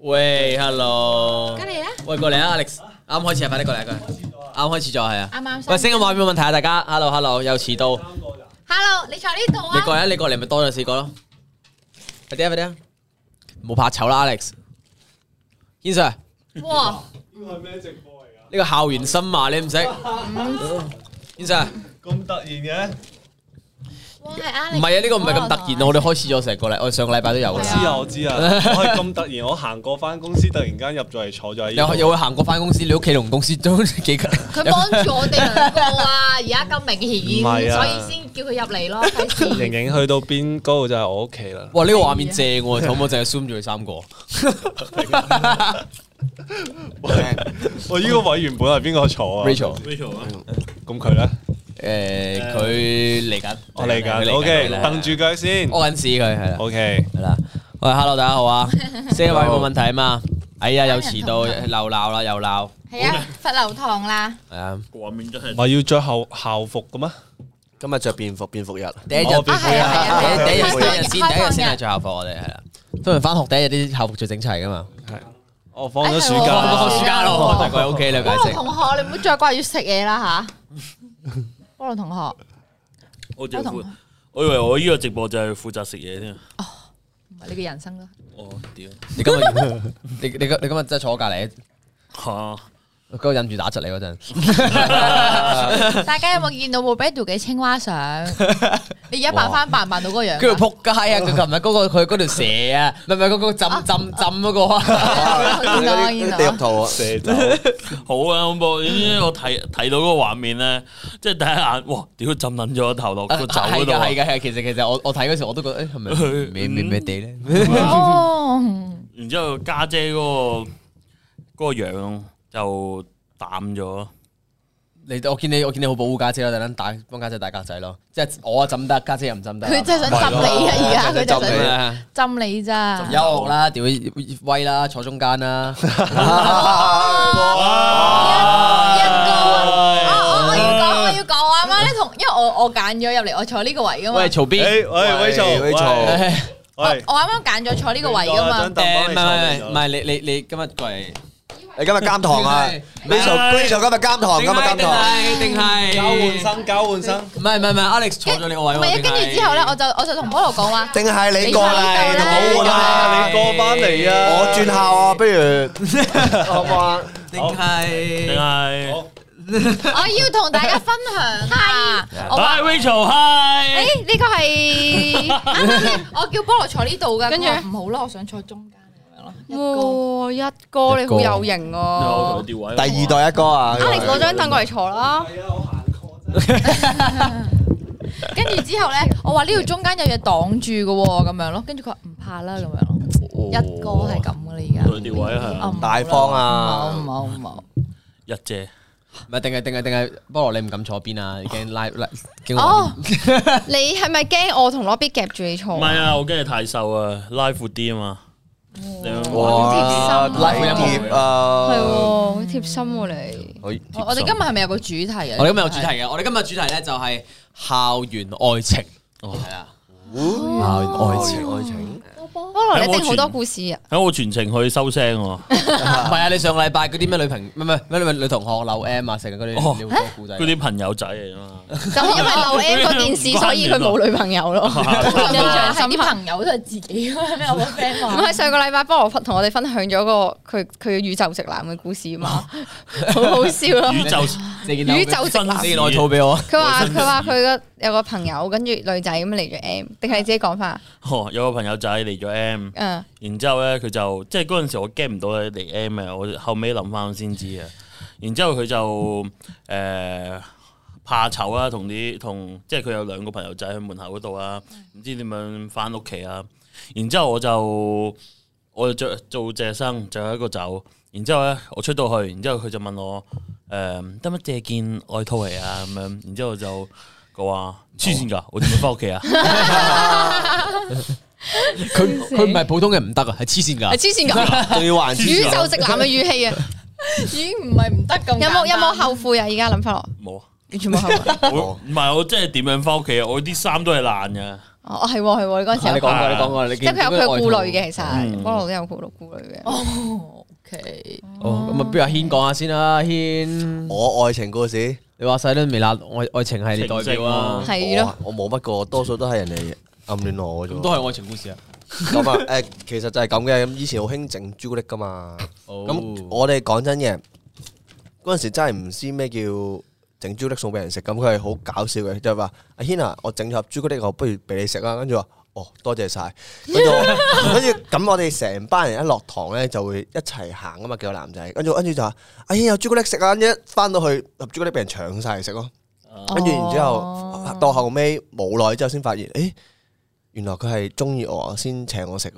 喂，hello，過嚟啦，喂，過嚟啊，Alex，啱開始啊，快啲過嚟啊，佢，啱開始咗係啊，喂，聲音話有冇問題啊，大家，hello，hello，又遲到，hello，你坐呢度啊，你過嚟啊，你過嚟咪多咗四個咯，快啲啊，快啲啊，冇怕醜啦，Alex，sir，哇，呢個係咩直播嚟噶？呢個校園 Summer 你唔識，sir，咁突然嘅。唔係啊，呢個唔係咁突然啊。我哋開始咗成個禮，我哋上個禮拜都有啦。知啊，我知啊。我係咁突然，我行過翻公司，突然間入咗嚟坐咗。又又會行過翻公司？你屋企同公司都幾近。佢幫助我哋兩個啊，而家咁明顯，所以先叫佢入嚟咯。瑩瑩去到邊嗰度就係我屋企啦。哇，呢個畫面正喎，可唔可以淨係 Zoom 住佢三個？喂，呢個位原本係邊個坐啊？Rachel，Rachel，咁佢咧？誒，佢嚟緊，我嚟緊，OK，等住佢先，屙緊屎佢係啦，OK，係啦，喂，hello，大家好啊，四位冇問題啊嘛，哎呀，又遲到，又鬧啦，又鬧，係啊，罰留堂啦，係啊，我面真係，咪要着校校服噶嗎？今日着便服，便服日，第一日係啊，第一日先，第一日先係着校服，我哋係啦，通常翻學第一日啲校服最整齊噶嘛，係，我放咗暑假啦，暑假咯，太鬼 OK 啦，解釋，同學你唔好再掛住食嘢啦吓。菠蘿同學，菠同學，我以為我呢個直播就係負責食嘢添。哦，唔係你嘅人生咯。哦，屌！你今日你你今日真係坐我隔籬吓。 嗰個忍住打出嚟嗰陣， 大家有冇見到莫比度嘅青蛙相？你而家扮翻扮扮到嗰個樣，跟住撲街啊！佢琴日嗰個佢嗰條蛇唔係唔係啊，唔係唔係嗰個浸浸浸嗰個啊，跌入頭蛇好啊，恐怖！我睇睇到嗰個畫面咧，即係第一眼，哇！屌 浸捻咗個頭落個酒度，係噶係。其實其實我我睇嗰時我都覺得誒，係咪咩咩咩地咧？哦，然之後家姐嗰個嗰個樣。就淡咗，你我見你，我見你好保護家姐咯，等陣打幫家姐打格仔咯，即係我啊針得，家姐又唔針得，佢真係想針你啊！而家佢就係針你，針你咋？優秀啦，點威啦，坐中間啦，一個。我我要講，我要講啊！啱啱同，因為我我揀咗入嚟，我坐呢個位噶嘛。喂，嘈邊，喂喂嘈喂嘈，我我啱啱揀咗坐呢個位噶嘛？唔係唔係，你你你今日過嚟。你今日監堂啊？Rachel，Rachel 今日監堂，今日監堂，定係交換生，交換生，唔係唔係唔係，Alex 坐咗你個位喎。唔係啊，跟住之後咧，我就我就同菠蘿講話。定係你過嚟，好啦，你過翻嚟啊，我轉校啊，不如我話，定係定係。好，我要同大家分享，係，Hi Rachel，係，誒，呢個係，啱啱，我叫菠蘿坐呢度嘅，跟住唔好啦，我想坐中間。哇！一哥你好有型哦，第二代一哥啊！阿力攞張凳過嚟坐啦。係啊，我行過。跟住之後咧，我話呢度中間有嘢擋住噶，咁樣咯。跟住佢話唔怕啦，咁樣。一哥係咁噶你而家。位係大方啊！冇冇冇，一姐唔係定係定係定係菠蘿，你唔敢坐邊啊？已經拉拉，驚我。你係咪驚我同羅 B 夾住你坐？唔係啊，我驚你太瘦啊，拉闊啲啊嘛。好貼哇心，禮儀、哦、啊，係好貼心喎你。我哋今日係咪有個主題啊？我哋今日有個主題嘅，是我哋今日主題咧就係校園愛情。哦，係啊，校園愛情愛情。愛情菠蘿你定好多故事啊！喺我全程去收聲喎，唔係啊！你上禮拜嗰啲咩女朋友，唔係咩女同學留 M 啊，成日嗰啲嗰啲朋友仔嚟啊嘛，就因為留 M 嗰件事，所以佢冇女朋友咯。係啲朋友都係自己咩？有係上個禮拜菠蘿同我哋分享咗個佢佢宇宙直男嘅故事啊嘛，好好笑咯！宇宙直男，宇宙直男嘅內套俾我。佢話佢話佢個有個朋友跟住女仔咁嚟咗 M，定係你自己講翻有個朋友仔嚟咗。M，然之後呢，佢就即係嗰陣時我驚唔到你嚟 M 啊，我後尾諗翻先知啊。然之後佢就誒怕醜啊，同啲同即係佢有兩個朋友仔喺門口嗰度啊，唔知點樣翻屋企啊。然之後我就我就着做謝生，就做一個走。然之後呢，我出到去，然之後佢就問我誒得唔得借件外套嚟啊？咁樣，然之後我就佢話黐線噶，我點解翻屋企啊？ 佢佢唔係普通嘅唔得啊，係黐線噶，係黐線噶，仲要還宇宙直男嘅語氣啊！已經唔係唔得咁，有冇有冇後悔啊？而家諗翻落冇啊，完全冇。唔係我真係點樣翻屋企啊？我啲衫都係爛噶。哦，係係，你嗰時你講過，你講過，你即佢有佢顧慮嘅，其實菠蘿都有顧慮顧慮嘅。哦，OK，哦，咁啊，邊阿軒講下先啦？阿軒，我愛情故事，你話使都未啦，愛愛情係你代表啊，係咯，我冇乜過，多數都係人哋。暗戀我嗰種，都係愛情故事啊。咁啊， 誒、oh.，其實就係咁嘅。咁以前好興整朱古力噶嘛。咁我哋講真嘢，嗰陣時真係唔知咩叫整朱古力送俾人食。咁佢係好搞笑嘅，就係話阿軒啊，ah, ina, 我整咗盒朱古力，我不如俾你食啦。跟住話，哦、oh,，多謝晒。跟住 Yeah.，咁我哋成班人一落堂咧就會一齊行噶嘛，幾個男仔。跟住，跟住就話，阿軒，朱古力食啊！一翻到去，盒朱古力俾人搶晒嚟食咯。跟住、oh. 然之後，後，到後尾冇耐之後先發現，誒。原來佢係中意我先請我食，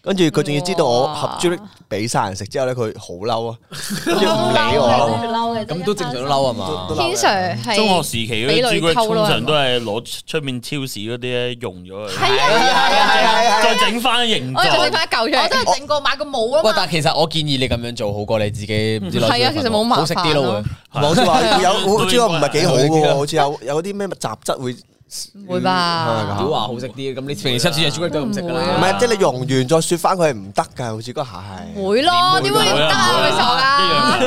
跟住佢仲要知道我合豬粒俾晒人食之後咧，佢好嬲啊，跟住唔理我。咁都正常嬲啊嘛？正常。中學時期嗰啲豬骨通常都係攞出面超市嗰啲咧融咗佢。係係係係，再整翻形狀。整翻一嚿，我真係整過買個模啊，但係其實我建議你咁樣做好過你自己唔知攞。係啊，其實冇問題，好食啲咯。冇錯，有豬唔係幾好嘅，好似有有啲咩雜質會。會吧？表話、嗯、好食啲，咁、嗯、你平時都唔食㗎啦？唔係會、啊，即係你用完再雪返佢係唔得噶，好似嗰下係。會咯，點會唔得啊？傻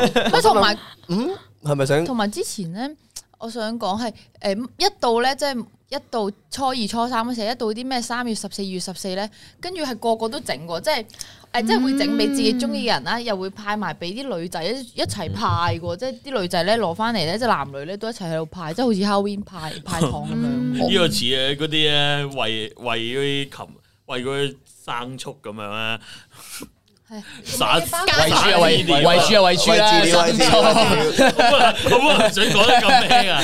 噶、啊！同埋，嗯，係咪想？同埋之前咧，我想講係，誒，一到咧，即係一到初二、初三嗰時，一到啲咩三月十四、二月十四咧，跟住係個個都整過，即係。誒、嗯，即係會整俾自己中意嘅人啦，又會派埋俾啲女仔一一齊派喎，嗯、即係啲女仔咧攞翻嚟咧，即係男女咧都一齊喺度派，即係好似烤煙派派糖咁、嗯、樣。呢個似啊，嗰啲咧餵餵嗰啲禽，餵嗰啲牲畜咁樣啊，係，散喂，豬啊，餵豬啊，餵豬喂，唔錯，喂，錯，咁啊，仲講 得咁靚啊，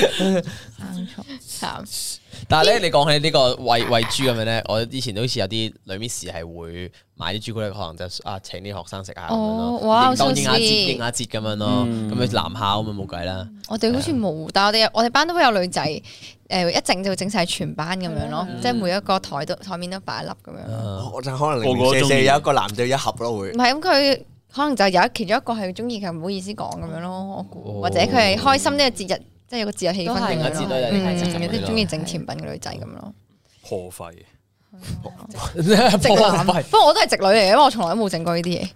牲畜。但係咧，咦你講起個豬呢個喂喂豬咁樣咧，我以前都好似有啲女 miss 係會買啲朱古力，可能就啊請啲學生食下，哦，哇，應下節咁樣咯，咁樣男校咁啊冇計啦。我哋好似冇，嗯、但我哋我哋班都會有女仔，誒一整就整晒全班咁樣咯，嗯、即係每一個台都台面都擺一粒咁樣。我就、嗯嗯、可能都有一個男仔一盒咯，會唔係咁？佢可能就有一其中一個係中意，佢唔好意思講咁樣咯，我估、或者佢係開心呢個節日。即係有個節日氣氛，整下節日嘅，啲中意整甜品嘅女仔咁咯，破費，不過我都係直女嚟嘅，因為我從來都冇整過呢啲嘢，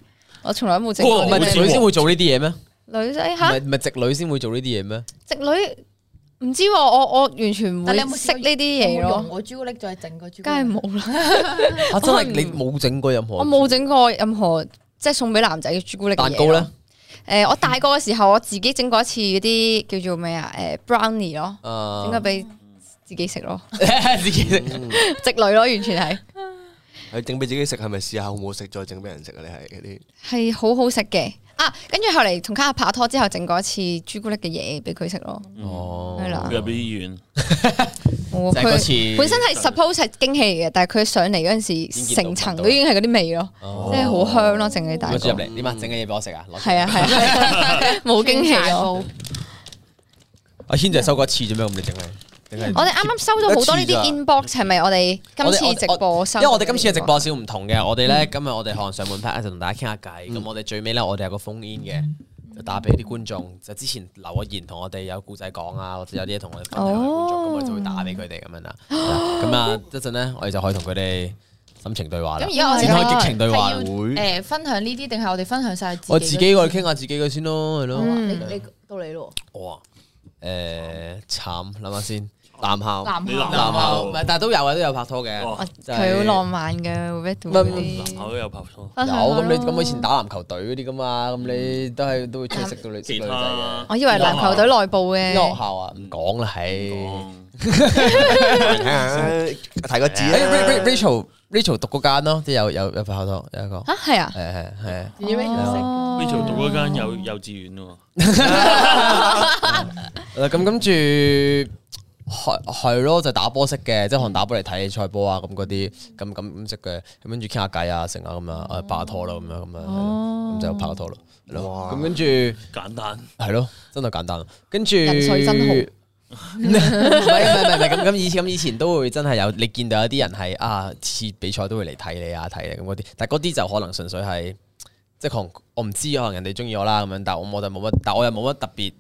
我從來都冇整。唔係女先會做呢啲嘢咩？女仔吓？唔係直女先會做呢啲嘢咩？直女唔知喎，我我完全唔會，但係你有冇識呢啲嘢？用朱古力再整個朱，梗係冇啦。我真係你冇整過任何，我冇整過任何，即係送俾男仔嘅朱古力蛋糕咧。誒、呃，我大個嘅時候，我自己整過一次嗰啲叫做咩啊？誒、呃，brownie 咯，整過俾自己食咯， 自己食，直 女咯，完全係。你整俾自己食，係咪試下好唔好食，再整俾人食啊？你係嗰啲係好好食嘅。啊！跟住後嚟同卡卡拍拖之後，整過一次朱古力嘅嘢俾佢食咯。哦，係啦，入咗醫院。就本身係 suppose 係驚喜嘅，但係佢上嚟嗰陣時，成層都已經係嗰啲味咯，即係好香咯，整嘅大。入嚟點啊？整嘅嘢俾我食啊？係啊係啊，冇驚喜咯。阿軒仔收過一次做咩？咁你整啊？我哋啱啱收咗好多呢啲 inbox，係咪我哋今次直播收？因為我哋今次嘅直播少唔同嘅，我哋咧今日我哋可能上門拍，就同大家傾下偈。咁我哋最尾咧我哋有個 phone in 嘅，就打俾啲觀眾，就之前留咗言同我哋有故仔講啊，或者有啲嘢同我哋分享，咁我就會打俾佢哋咁樣啦。咁啊，一陣咧我哋就可以同佢哋心情對話啦，展開激情對話，誒，分享呢啲定係我哋分享晒？我自己我哋傾下自己嘅先咯，係咯，你你到你咯，哇，誒，慘，諗下先。男校，男校，男校，唔係，但係都有嘅，都有拍拖嘅。佢好浪漫嘅，Rachel。男校都有拍拖。有，咁你咁以前打籃球隊嗰啲㗎嘛？咁你都係都會認識到女小女仔。我以為籃球隊內部嘅。學校啊，唔講啦，係。睇個字，Rachel，Rachel 讀嗰間咯，即係有有有拍過拖有一個。嚇係啊！係係係。Rachel 讀嗰間幼幼稚園喎。啦，咁跟住。係係咯，就打波式嘅，即係可能打波嚟睇賽波啊，咁嗰啲咁咁咁識嘅，咁跟住傾下偈啊，成啊咁樣，誒拍下拖啦，咁樣咁啊，咁就拍下拖啦，咯對。咁跟住簡單係咯，真係簡單跟住咁以前以前都會真係有你見到有啲人係啊，次比賽都會嚟睇你啊睇你咁嗰啲，但係嗰啲就可能純粹係即係我唔知，可能人哋中意我啦咁樣，但我就冇乜，但我又冇乜特別。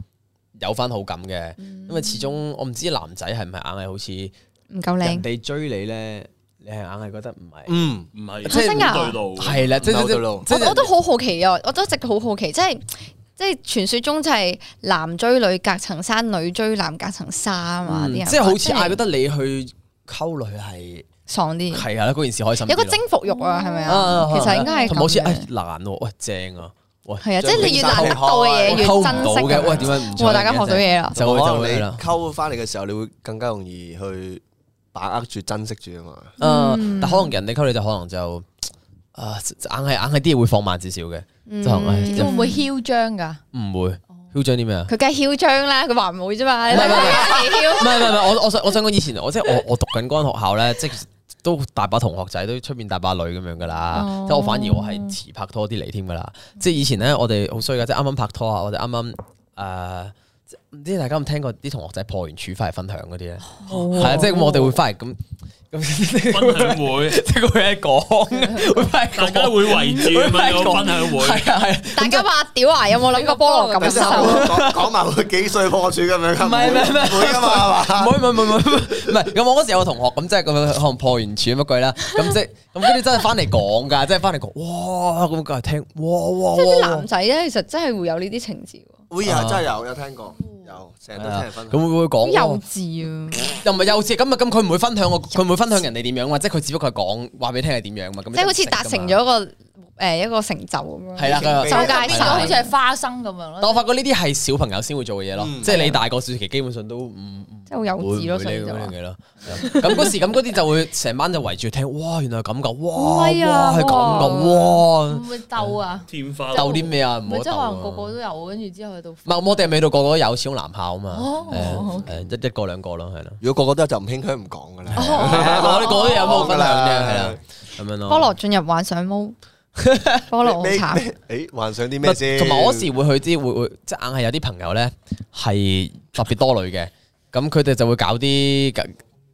有翻好感嘅，因為始終我唔知男仔係唔係硬係好似唔夠靚，人哋追你咧，你係硬係覺得唔係，嗯，唔係冇對路，係啦，冇對路。我我都好好奇啊，我都一直好好奇，即係即係傳說中就係男追女隔層山，女追男隔層沙啊嘛，啲人。即係好似係覺得你去溝女係爽啲，係啊，嗰件事開心。有個征服欲啊，係咪啊？其實應該係似，錯，難喎，喂，正啊！係啊，即係你越難得到嘅嘢越珍惜嘅，喂，點解唔會大家學到嘢咯？就就你溝翻嚟嘅時候，你會更加容易去把握住、珍惜住啊嘛。但可能人哋溝你就可能就啊，硬係硬係啲嘢會放慢少少嘅。嗯，會唔會囂張噶？唔會，囂張啲咩啊？佢梗係囂張啦，佢話唔會啫嘛。唔係唔係唔係，我我想我想講以前，我即係我我讀緊嗰間學校咧，即都大把同學仔，都出面大把女咁樣噶啦。哦、即我反而我係遲拍拖啲嚟添噶啦。即係以前咧，我哋好衰噶，即係啱啱拍拖啊，我哋啱啱誒，唔知大家有冇聽過啲同學仔破完處翻嚟分享嗰啲咧？係啊、哦，即係咁我哋會翻嚟咁。哦分 享會，即係佢喺講，大家會圍住問到分享會，係啊係，大家話屌啊，有冇諗過菠蘿感受？講埋佢幾歲破處咁樣，唔係咩咩？唔會噶嘛，係唔唔唔唔唔，唔係咁。我嗰時有個同學，咁即係可能破完處乜鬼啦，咁即係咁，跟住真係翻嚟講噶，即係翻嚟講，哇！咁佢係聽，哇哇！即係啲男仔咧，其實真係會有呢啲情節。會啊、哎，真係有，有聽過，有成日都聽人分享。佢、啊、會唔會講幼稚啊？哦、又唔係幼稚。咁啊咁，佢唔會分享喎，佢唔稚會分享人哋點樣嘛，即係佢只是不過係講話俾你聽係點樣嘛。咁即係好似達成咗個。誒，一個成就咁樣，就變咗好似係花生咁樣咯。但我發覺呢啲係小朋友先會做嘅嘢咯，即係你大個時期基本上都唔，即係好幼稚咯，所以就咁嗰時咁嗰啲就會成班就圍住聽，哇，原來係咁噶？哇，哇係咁噶？哇，會唔會鬥啊？天花鬥啲咩啊？唔係即係話個個都有，跟住之後喺度，唔，我哋未到個個都有男校啊嘛？誒，一一個兩個咯，係啦。如果個個都就唔興，佢唔講噶啦。我啲講啲有毛噶啦，係啦，咁樣咯。菠蘿進入幻想屋。菠蘿好慘，誒、哎，幻想啲咩先？同埋我有時會去知會會即硬係有啲朋友咧，係特別多女嘅，咁佢哋就會搞啲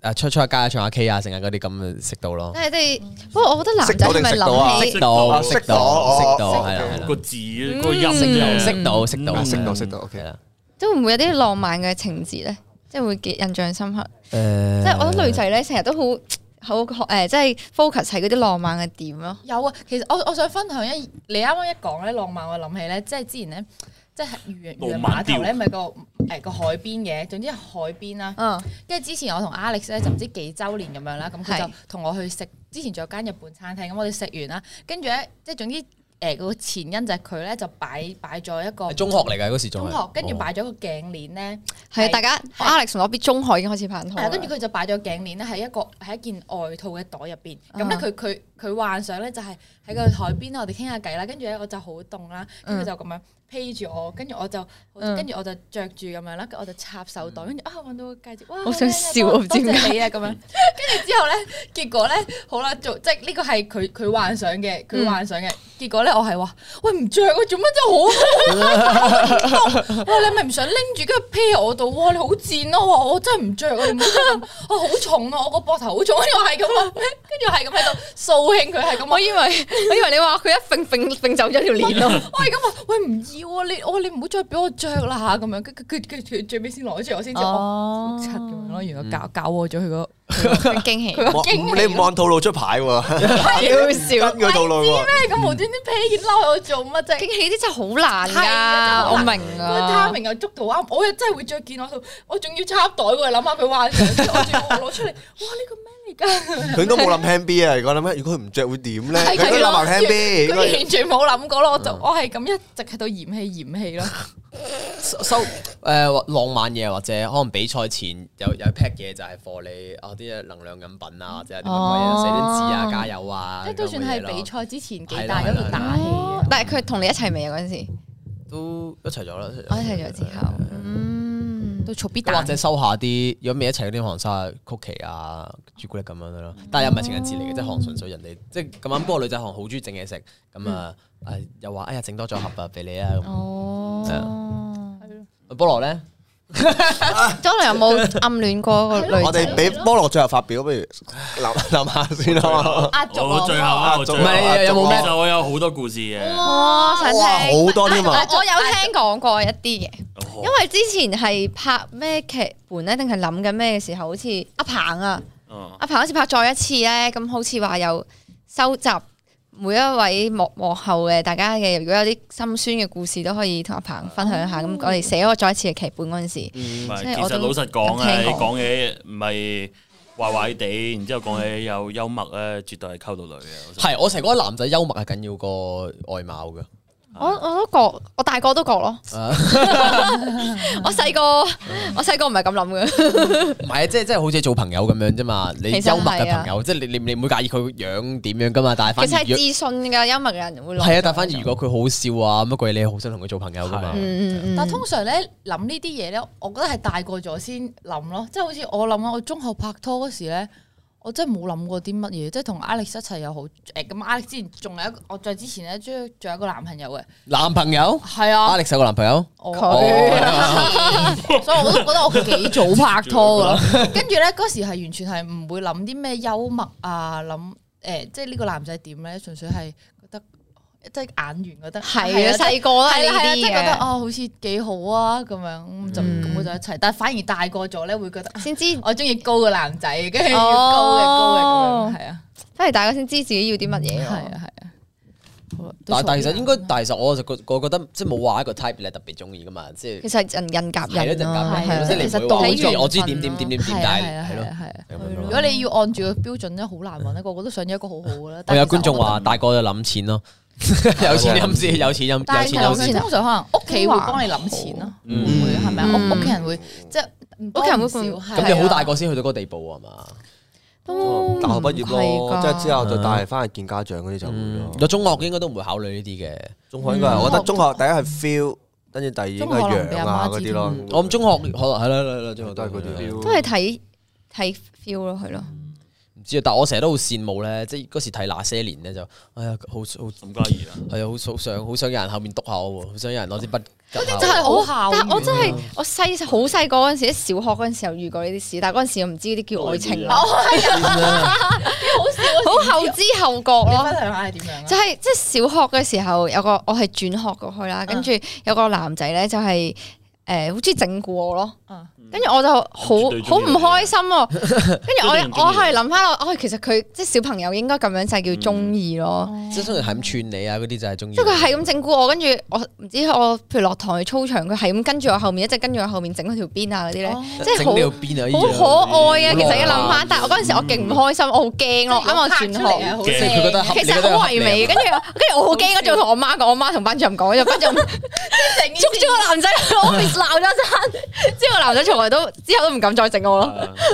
誒出一出下街，唱下 K 啊，成日嗰啲咁識到咯。但你哋不過我覺得男仔咪諗起識到，識到，識到，係啦，個字，個音，識到，識、嗯、到，識到，識、嗯、到，到，OK 啦。都唔會有啲浪漫嘅情節咧，即係會幾印象深刻。呃、即係我覺得女仔咧成日都好。好誒，即、欸、係 focus 喺嗰啲浪漫嘅點咯。有啊，其實我我想分享一，你啱啱一講咧浪漫，我諗起咧，即係之前咧，即係漁漁碼頭咧，咪個誒個海邊嘅，總之係海邊啦。嗯。跟住之前我同 Alex 咧、嗯、就唔知幾周年咁樣啦，咁佢就同我去食，之前仲有間日本餐廳，咁、嗯、我哋食完啦，跟住咧即係總之。誒個前因就係佢咧，就擺擺咗一個係中學嚟㗎嗰時中學，跟住擺咗個頸鏈咧，係大家是 Alex 攞啲中學已經開始拍拖，跟住佢就擺咗頸鏈咧，係一個係一,一件外套嘅袋入、啊、邊，咁咧佢佢佢幻想咧就係喺個海邊我哋傾下偈啦，跟住咧我就好凍啦，跟住就咁、嗯、樣。披住我，跟住我就，跟住我就著住咁樣啦，跟住我就插手袋，跟住啊揾到個戒指，哇！好想笑，我唔知點解咁樣。跟住之後咧，結果咧，好啦，做即係呢個係佢佢幻想嘅，佢幻想嘅。結果咧，我係話，喂唔着啊，做乜真係好？哇！你咪唔想拎住，跟住披喺我度？哇！你好賤咯！我真係唔着啊！我好重啊！我個膊頭好重，跟住我係咁啊！跟住係咁喺度掃興，佢係咁。我以為我以為你話佢一揈揈揈走咗條鏈咯。我係咁話，喂唔要。我、哎、你哦，你唔好再俾我著啦嚇，咁樣，佢佢佢佢最尾先攞出嚟，我先知好柒咁樣咯，原來搞搞我咗佢個。嗯驚喜，你唔按套路出牌喎，好笑，跟嗰套路喎。咩咁無端端披件褸喺度做乜啫？驚喜啲真係好難，係啊，我明啊。睇下明又捉到啱，我又真係會着件我，我仲要插袋喎。諗下佢話，我仲我攞出嚟，哇呢個咩嚟噶？佢都冇諗輕 B 啊，你講咧咩？如果佢唔着會點咧？佢諗埋輕 B，佢完全冇諗過咯。我就我係咁一直喺度嫌棄嫌棄咯。收誒浪漫嘢，或者可能比賽前有有 pack 嘢就係貨你啲能量飲品啊，或者啲乜嘢，寫啲字啊，加油啊，即都算係比賽之前幾大嗰度打氣。但係佢同你一齊未啊？嗰陣時都一齊咗啦，一齊咗之後，都必或者收下啲如果未一齊嗰啲糖沙曲奇啊、朱古力咁樣咯。但係又唔係情人節嚟嘅，即係純粹人哋即係咁啱。不過女仔行好中意整嘢食咁啊。誒，又話哎呀，整多咗盒啊，俾你啊咁。哦，菠蘿咧，菠蘿有冇暗戀過個女仔？我哋俾菠蘿最後發表，不如諗諗下先咯。壓咗最後，壓咗，壓咗。我有好多故事嘅。哇，想聽！好多添啊。我有聽講過一啲嘅，因為之前係拍咩劇本咧，定係諗緊咩嘅時候，好似阿彭啊，阿彭好似拍再一次咧，咁好似話有收集。每一位幕幕後嘅大家嘅，如果有啲心酸嘅故事都可以同阿彭分享一下。咁、嗯、我哋寫開再次嘅劇本嗰陣時，我都其實老實講，說你講嘢唔係壞壞地，嗯、然之後講嘢有幽默咧，絕對係溝到女嘅。係、嗯，我成日覺得男仔幽默係緊要過外貌嘅。我我都覺，我大個都覺咯。 我細個， 我細個唔係咁諗嘅。唔 係，即係即係好似做朋友咁樣啫嘛。你幽默嘅朋友，即係、啊、你你你唔會介意佢樣點樣噶嘛。但係反而係自信嘅幽默嘅人會係啊。但係反而如果佢好笑啊乜鬼，你好想同佢做朋友噶嘛。但係通常咧諗呢啲嘢咧，我覺得係大個咗先諗咯。即係好似我諗啊，我中學拍拖嗰時咧。我真係冇諗過啲乜嘢，即係同 Alex 一齊又好，誒、欸、咁 Alex 之前仲有一個，我再之前咧，即仲有一個男朋友嘅。男朋友係啊，Alex 有個男朋友，佢，所以我都覺得我幾早拍拖㗎喇。跟住咧嗰時係完全係唔會諗啲咩幽默啊，諗誒，即係呢個男仔點咧，純粹係。即係眼緣覺得係啊，細個啦係啦，即係覺得啊，好似幾好啊咁樣，就咁我就一齊。但係反而大個咗咧，會覺得先知我中意高嘅男仔，跟住要高嘅高嘅咁樣，係啊。反而大家先知自己要啲乜嘢。係啊係啊。但其實應該，但其實我就覺得即係冇話一個 type 你特別中意噶嘛。即係其實人夾人咯。即係其實當完我知點點點點點解，如果你要按住個標準咧，好難揾啊！個個都想一個好好嘅，啦。但係有觀眾話大個就諗錢咯。有錢先，有錢先。但通常可能屋企會幫你諗錢咯，唔會係咪啊？屋企人會即係屋企人少。咁你好大個先去到嗰個地步啊嘛？大學畢業咯，即係之後再帶翻去見家長嗰啲就會咯。咁中學應該都唔會考慮呢啲嘅。中學應該，我覺得中學第一係 feel，跟住第二應該係樣啊嗰啲咯。我諗中學可能係啦，係啦，中學都係嗰啲。都係睇睇 feel 咯，係咯。但係我成日都好羨慕咧，即係嗰時睇那些年咧就，哎呀，好好唔介意啊！係啊，好想好想有人後面督下我喎，好想有人攞支筆，啲真係好慘，嗯、但我真係、嗯、我細好細個嗰陣時，喺小學嗰陣時候遇過呢啲事，但係嗰陣時我唔知呢啲叫愛情咯，好後知後覺咯。你嗰陣時係點樣？就係即係小學嘅時候，有個我係轉學過去啦，跟住有個男仔咧就係、是、誒，好中意整過我咯。嗯跟住我就好好唔開心，跟住我我係諗翻，落，其實佢即係小朋友應該咁樣就叫中意咯，即係雖然係咁串你啊嗰啲就係中意，即佢係咁整蠱我，跟住我唔知我譬如落堂去操場，佢係咁跟住我後面一直跟住我後面整我條邊啊嗰啲咧，即係好可愛啊，其實一諗翻，但係我嗰陣時我勁唔開心，我好驚咯，啱我串出嚟啊，其實好唯美，跟住跟住我好驚，我仲同我媽講，我媽同班主任講，跟住班主任捉住個男仔，我鬧咗一陣，之後個男仔都之後都唔敢再整我咯，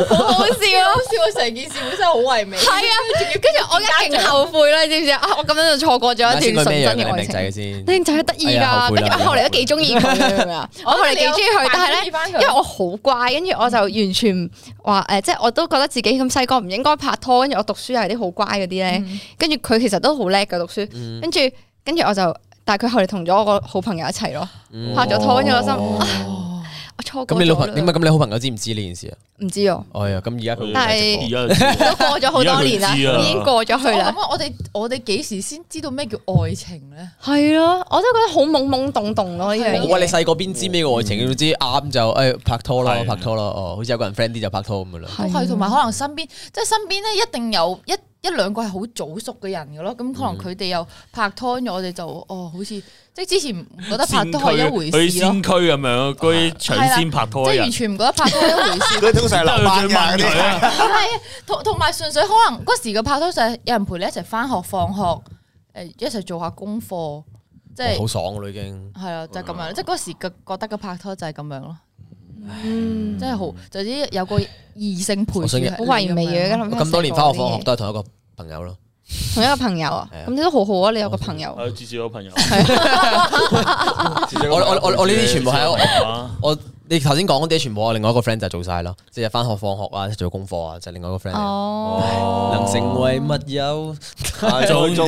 好好笑咯！笑成件事本身好唯美，係啊！跟住我而家勁後悔咧，知唔知啊？我咁樣就錯過咗一段純真嘅愛情。靚仔，得意啊！我後嚟都幾中意佢噶，我後嚟幾中意佢，但係咧，因為我好乖，跟住我就完全話誒，即係我都覺得自己咁細個唔應該拍拖，跟住我讀書又係啲好乖嗰啲咧，跟住佢其實都好叻噶讀書，跟住跟住我就，但係佢後嚟同咗我個好朋友一齊咯，拍咗拖，跟住我心。咁你老朋點啊？咁你好朋友知唔知呢件事啊？唔知哦。哎呀，咁而家佢而家過咗好多年啦，已經過咗去啦。咁我哋我哋幾時先知道咩叫愛情咧？係啊，我都覺得好懵懵懂懂咯。呢個我話你細個邊知咩叫愛情？總之啱就誒拍拖啦，拍拖啦，哦，好似有個人 friend 啲就拍拖咁噶啦。係同埋可能身邊即係身邊咧，一定有一。一兩個係好早熟嘅人嘅咯，咁可能佢哋又拍拖咗，我哋就哦，好似即係之前唔覺得拍拖係一回事咯，先驅咁樣，啲搶先拍拖，即係完全唔覺得拍拖一回事。佢通常係留班人，係，同埋純粹可能嗰時嘅拍拖就係有人陪你一齊返學放學，誒一齊做下功課，即係好爽咯已經。係啊，就咁樣，即係嗰時覺得嘅拍拖就係咁樣咯。嗯，真係好，就只有個異性陪住，好唯美嘅，咁多年返學放學都係同一個朋友咯，同一個朋友啊，咁你都好好啊！你有個朋友，係至少個朋友。我我呢啲全部係我，你頭先講嗰啲全部我另外一個 friend 就做晒咯，即係返學放學啊，做功課啊，就另外一個 friend。哦，能成為密友，做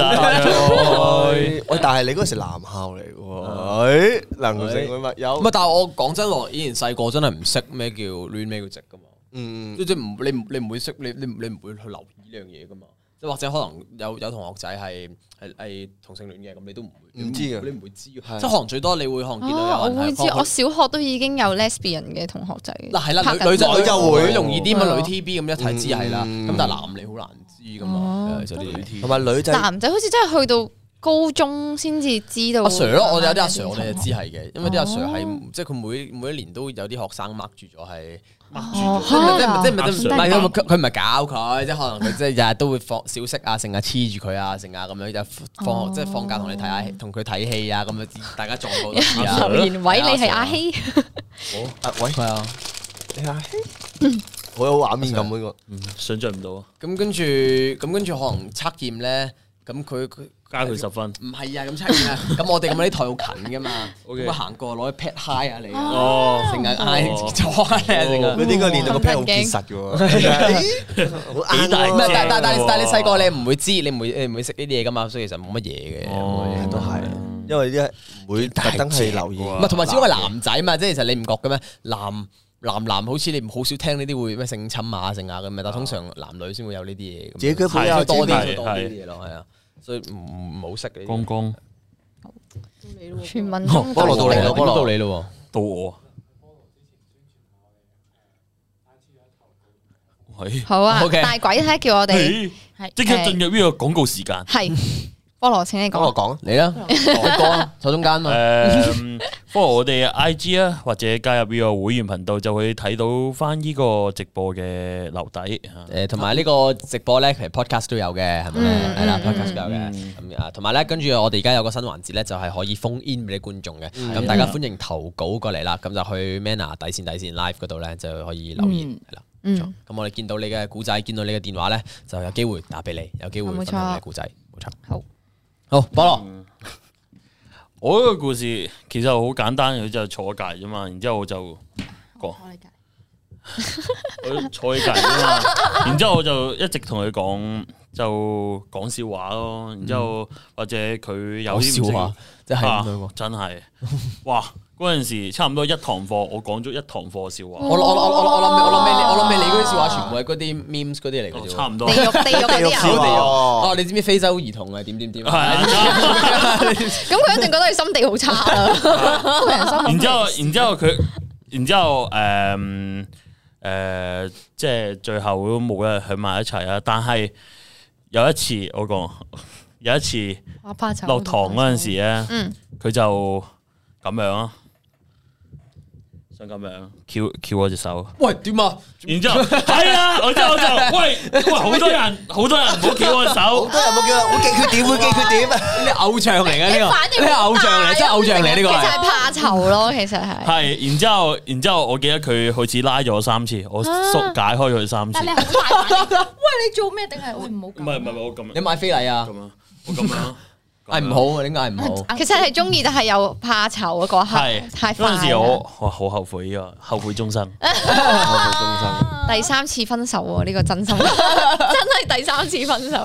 但係你嗰時男校嚟嘅喎，能成為密友。但係我講真話，我以前細個真係唔識咩叫 l 咩叫直噶嘛。即唔你唔你唔會識，你你你唔會去留意呢樣嘢噶嘛。即或者可能有有同學仔係，係係同性戀嘅，咁你都唔會唔知嘅，你唔會知。即係可能最多你會可能見到有，我會知。我小學都已經有 lesbian 嘅同學仔。嗱，係啦，女女就會容易啲啊，女 TB 咁一睇知係啦。咁但係男你好難知㗎嘛，就啲男同埋女，男仔好似真係去到高中先至知道。阿 Sir 咯，我哋有啲阿 Sir，我哋就知係嘅，因為啲阿 Sir 係即係佢每每一年都有啲學生 mark 住咗係。哦，即係唔係佢唔係搞佢，即係可能佢即係日日都會放小息啊，成日黐住佢啊，成啊，咁樣就放學即係放假同你睇下同佢睇戲啊，咁樣大家撞到。啊。言喂，你係阿希？好啊，喂係啊，阿希，好有畫面感喎，想象唔到。啊。咁跟住咁跟住，可能測驗咧。咁佢佢加佢十分，唔係啊咁出面啊，咁我哋咁啲台好近噶嘛，咁行過攞去 pat high 啊你，哦，成日嗌坐，係啊成日，練到個 pat 好堅實嘅喎，幾大，但但但你但你細個你唔會知，你唔會唔會食呢啲嘢噶嘛，所以其實冇乜嘢嘅，都係因為一唔會特登去留意，同埋只不過係男仔嘛，即係其實你唔覺嘅咩，男男男好似你好少聽呢啲會咩性侵啊性啊咁嘅，但通常男女先會有呢啲嘢，多啲啲嘢咯，係啊。所以唔唔好識嘅，剛剛光全民公投、哦、到你到我。好啊，Okay 大鬼睇叫我哋，即刻進入呢個廣告時間。係、欸。 菠蘿，請你講，我講，你啦，我講，坐中間嘛。誒，菠蘿，我哋 I G 啊，或者加入呢個會員頻道，就會睇到翻呢個直播嘅留底。誒，同埋呢個直播咧，其實 podcast 都有嘅，係咪？係啦，podcast 都有嘅。咁啊，同埋咧，跟住我哋而家有個新環節咧，就係可以封 in 俾啲觀眾嘅。咁大家歡迎投稿過嚟啦，咁就去 Manner 底線底線 live 嗰度咧，就可以留言。係啦，嗯。咁我哋見到你嘅古仔，見到你嘅電話咧，就有機會打俾你，有機會分享你嘅古仔。冇錯，好。好，菠蘿、嗯，我呢個故事其實好簡單，佢就係、坐隔籬啫嘛，然之後我就講，我坐隔籬啫嘛，然之後我就一直同佢講，就講笑話咯，然之後或者佢有啲笑話，即係啊啊、真係，哇！ 嗰陣時差唔多一堂課，我講咗一堂課笑話。哦、我我我我我諗，我諗咩？我諗你嗰啲笑話全部係嗰啲 memes 嗰啲嚟嘅啫。差唔多地。地獄地獄地地獄。哦，你知唔知非洲兒童啊？點點點？係、 嗯。咁佢一定覺得佢心地好差啊！然之後，然之後佢，然之後誒誒、嗯嗯，即係最後都冇一日喺埋一齊啦。但係有一次，我講有一次落堂嗰陣時咧，佢就咁、嗯、樣啊。嗯想咁樣，撬撬我隻手？喂，點啊？然之後，係啦，然之後我就喂喂，好多人，好多人唔好撬我隻手，好多人唔好撬，記佢點會記佢點啊？你偶像嚟嘅呢個，你偶像嚟，真係偶像嚟呢個係，就係怕醜咯，其實係。係，然之後，然之後我記得佢好似拉咗三次，我縮解開佢三次。但係你好大？喂，你做咩？定係我唔好？唔係唔係唔係，我咁樣。你買非禮啊？我咁樣。係唔好，點解係唔好。其實係中意，但係又怕醜嗰個係。係，嗰陣時我好後悔依個，後悔終生，後悔終生。第三次分手喎，呢個真心真係第三次分手。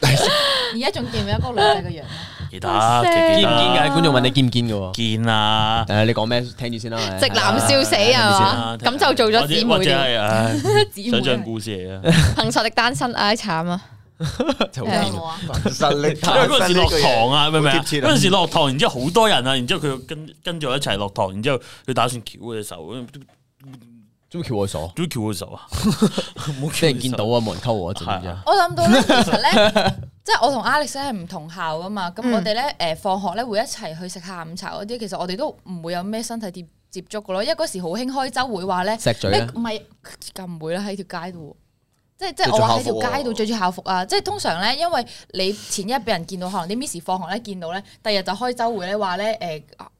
而家仲見唔見嗰個女仔嘅樣？見得，見唔見噶？觀眾問你見唔見噶？見啊！你講咩？聽住先啦。直男笑死啊，咁就做咗姊妹。姊妹。想像故事嚟啊。憑實力單身，唉慘啊！就好勁，犀利！嗰陣時落堂啊，明唔明啊？嗰陣時落堂，然之後好多人啊，然之後佢跟跟住我一齊落堂，然之後佢打算撬我隻手，中唔中撬我手？中唔中撬我手啊？冇人見 到啊，冇人溝我一陣， 我諗到咧，其實咧， 即係我同 Alex 咧係唔同校噶嘛，咁我哋咧誒放學咧會一齊去食下午茶嗰啲，其實我哋都唔會有咩身體接接觸噶咯，因為嗰時好興開周會話咧，石嘴啊，唔係咁唔會啦，喺條街度。 即係即係我話喺條街度着住校服啊！即係通常咧，因為你前一日俾人見到，可能啲 miss 放學咧見到咧，第日就開周會咧話咧，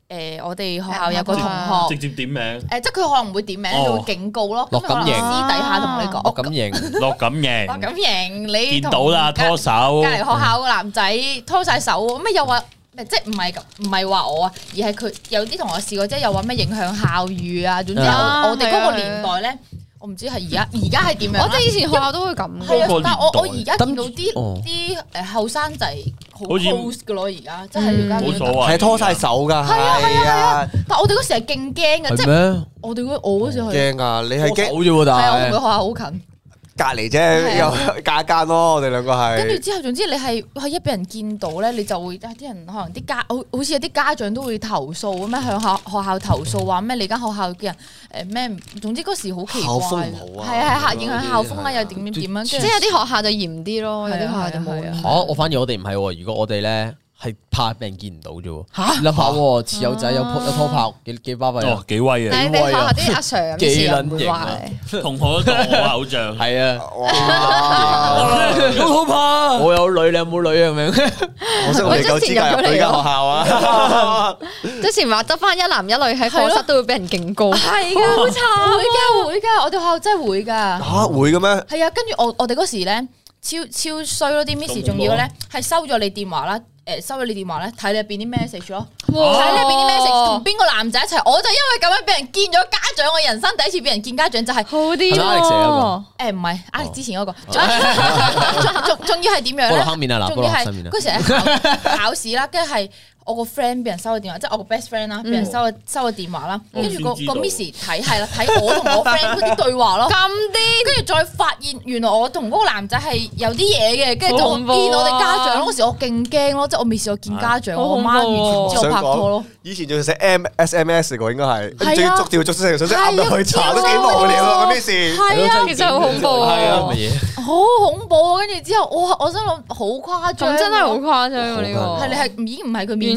誒誒，我哋學校有個同學直接點名誒，即係佢可能唔會點名，會警告咯。落咁贏私底下同你講我咁贏落咁贏落咁贏你見到啦，拖手隔籬學校個男仔拖晒手，咩又話即係唔係唔係話我啊，而係佢有啲同學試過即係又話咩影響校譽啊？總之我哋嗰個年代咧。我唔知係而家，而家係點樣？我哋以前學校都會咁嘅，但係我我而家見到啲啲誒後生仔好 pose 嘅咯，而家真係，而家冇所謂，係拖晒手㗎，係啊係啊！但係我哋嗰時係勁驚㗎，即係我哋嗰，我嗰時係驚㗎，你係驚好啫喎，但係我同佢學校好近。隔離啫，又隔一間咯，啊、 我哋兩個係。跟住之後，總之你係，佢一俾人見到咧，你就會啲人可能啲家好好似有啲家長都會投訴咁樣，向校學校投訴話咩？你間學校嘅人誒咩？總之嗰時好奇怪，係係、啊啊、影響校風啦。些又點點點樣？啊、即係有啲學校就嚴啲咯，啊、有啲學校就冇啊。嚇、啊啊啊啊！我反而我哋唔係喎，如果我哋咧。係怕俾人見唔到啫喎，甩炮，持有仔有拖有拖拍，幾幾巴閉，幾威啊！啲阿 sir 咁似，同學都講我偶像，係啊，好可怕！我有女，你有冇女啊？唔明，我識我未夠資格去間學校啊！之前話得翻一男一女喺課室都會俾人警告，係噶，好慘，會噶會噶，我哋學校真係會噶，吓會嘅咩？係啊，跟住我我哋嗰時咧超超衰咯，啲 miss 仲要咧係收咗你電話啦。誒，收咗你電話咧，睇你入邊啲 message 咯，睇你入邊啲 message 同邊個男仔一齊，我就因為咁樣俾人見咗家長，我人生第一次俾人見家長就係、是、好啲、哦，誒唔係阿之前嗰個，仲仲仲要係點樣咧？考面啊嗱，係嗰時係考試啦，跟住係。我個 friend 俾人收咗電話，即係我個 best friend 啦，俾人收咗收咗電話啦，跟住個個 miss 睇係啦，睇我同我 friend 嗰啲對話咯，咁啲，跟住再發現原來我同嗰個男仔係有啲嘢嘅，跟住就見我哋家長嗰時，我勁驚咯，即我未試過見家長，我媽完全知我拍拖咯，以前仲要寫 S M S 個應該係，仲要逐條逐出成條信息噏到去查，都幾無聊啊 miss，係啊，其實好恐怖啊，係啊好恐怖，跟住之後哇，我心諗好誇張，真係好誇張啊呢個，係你係已經唔係佢面？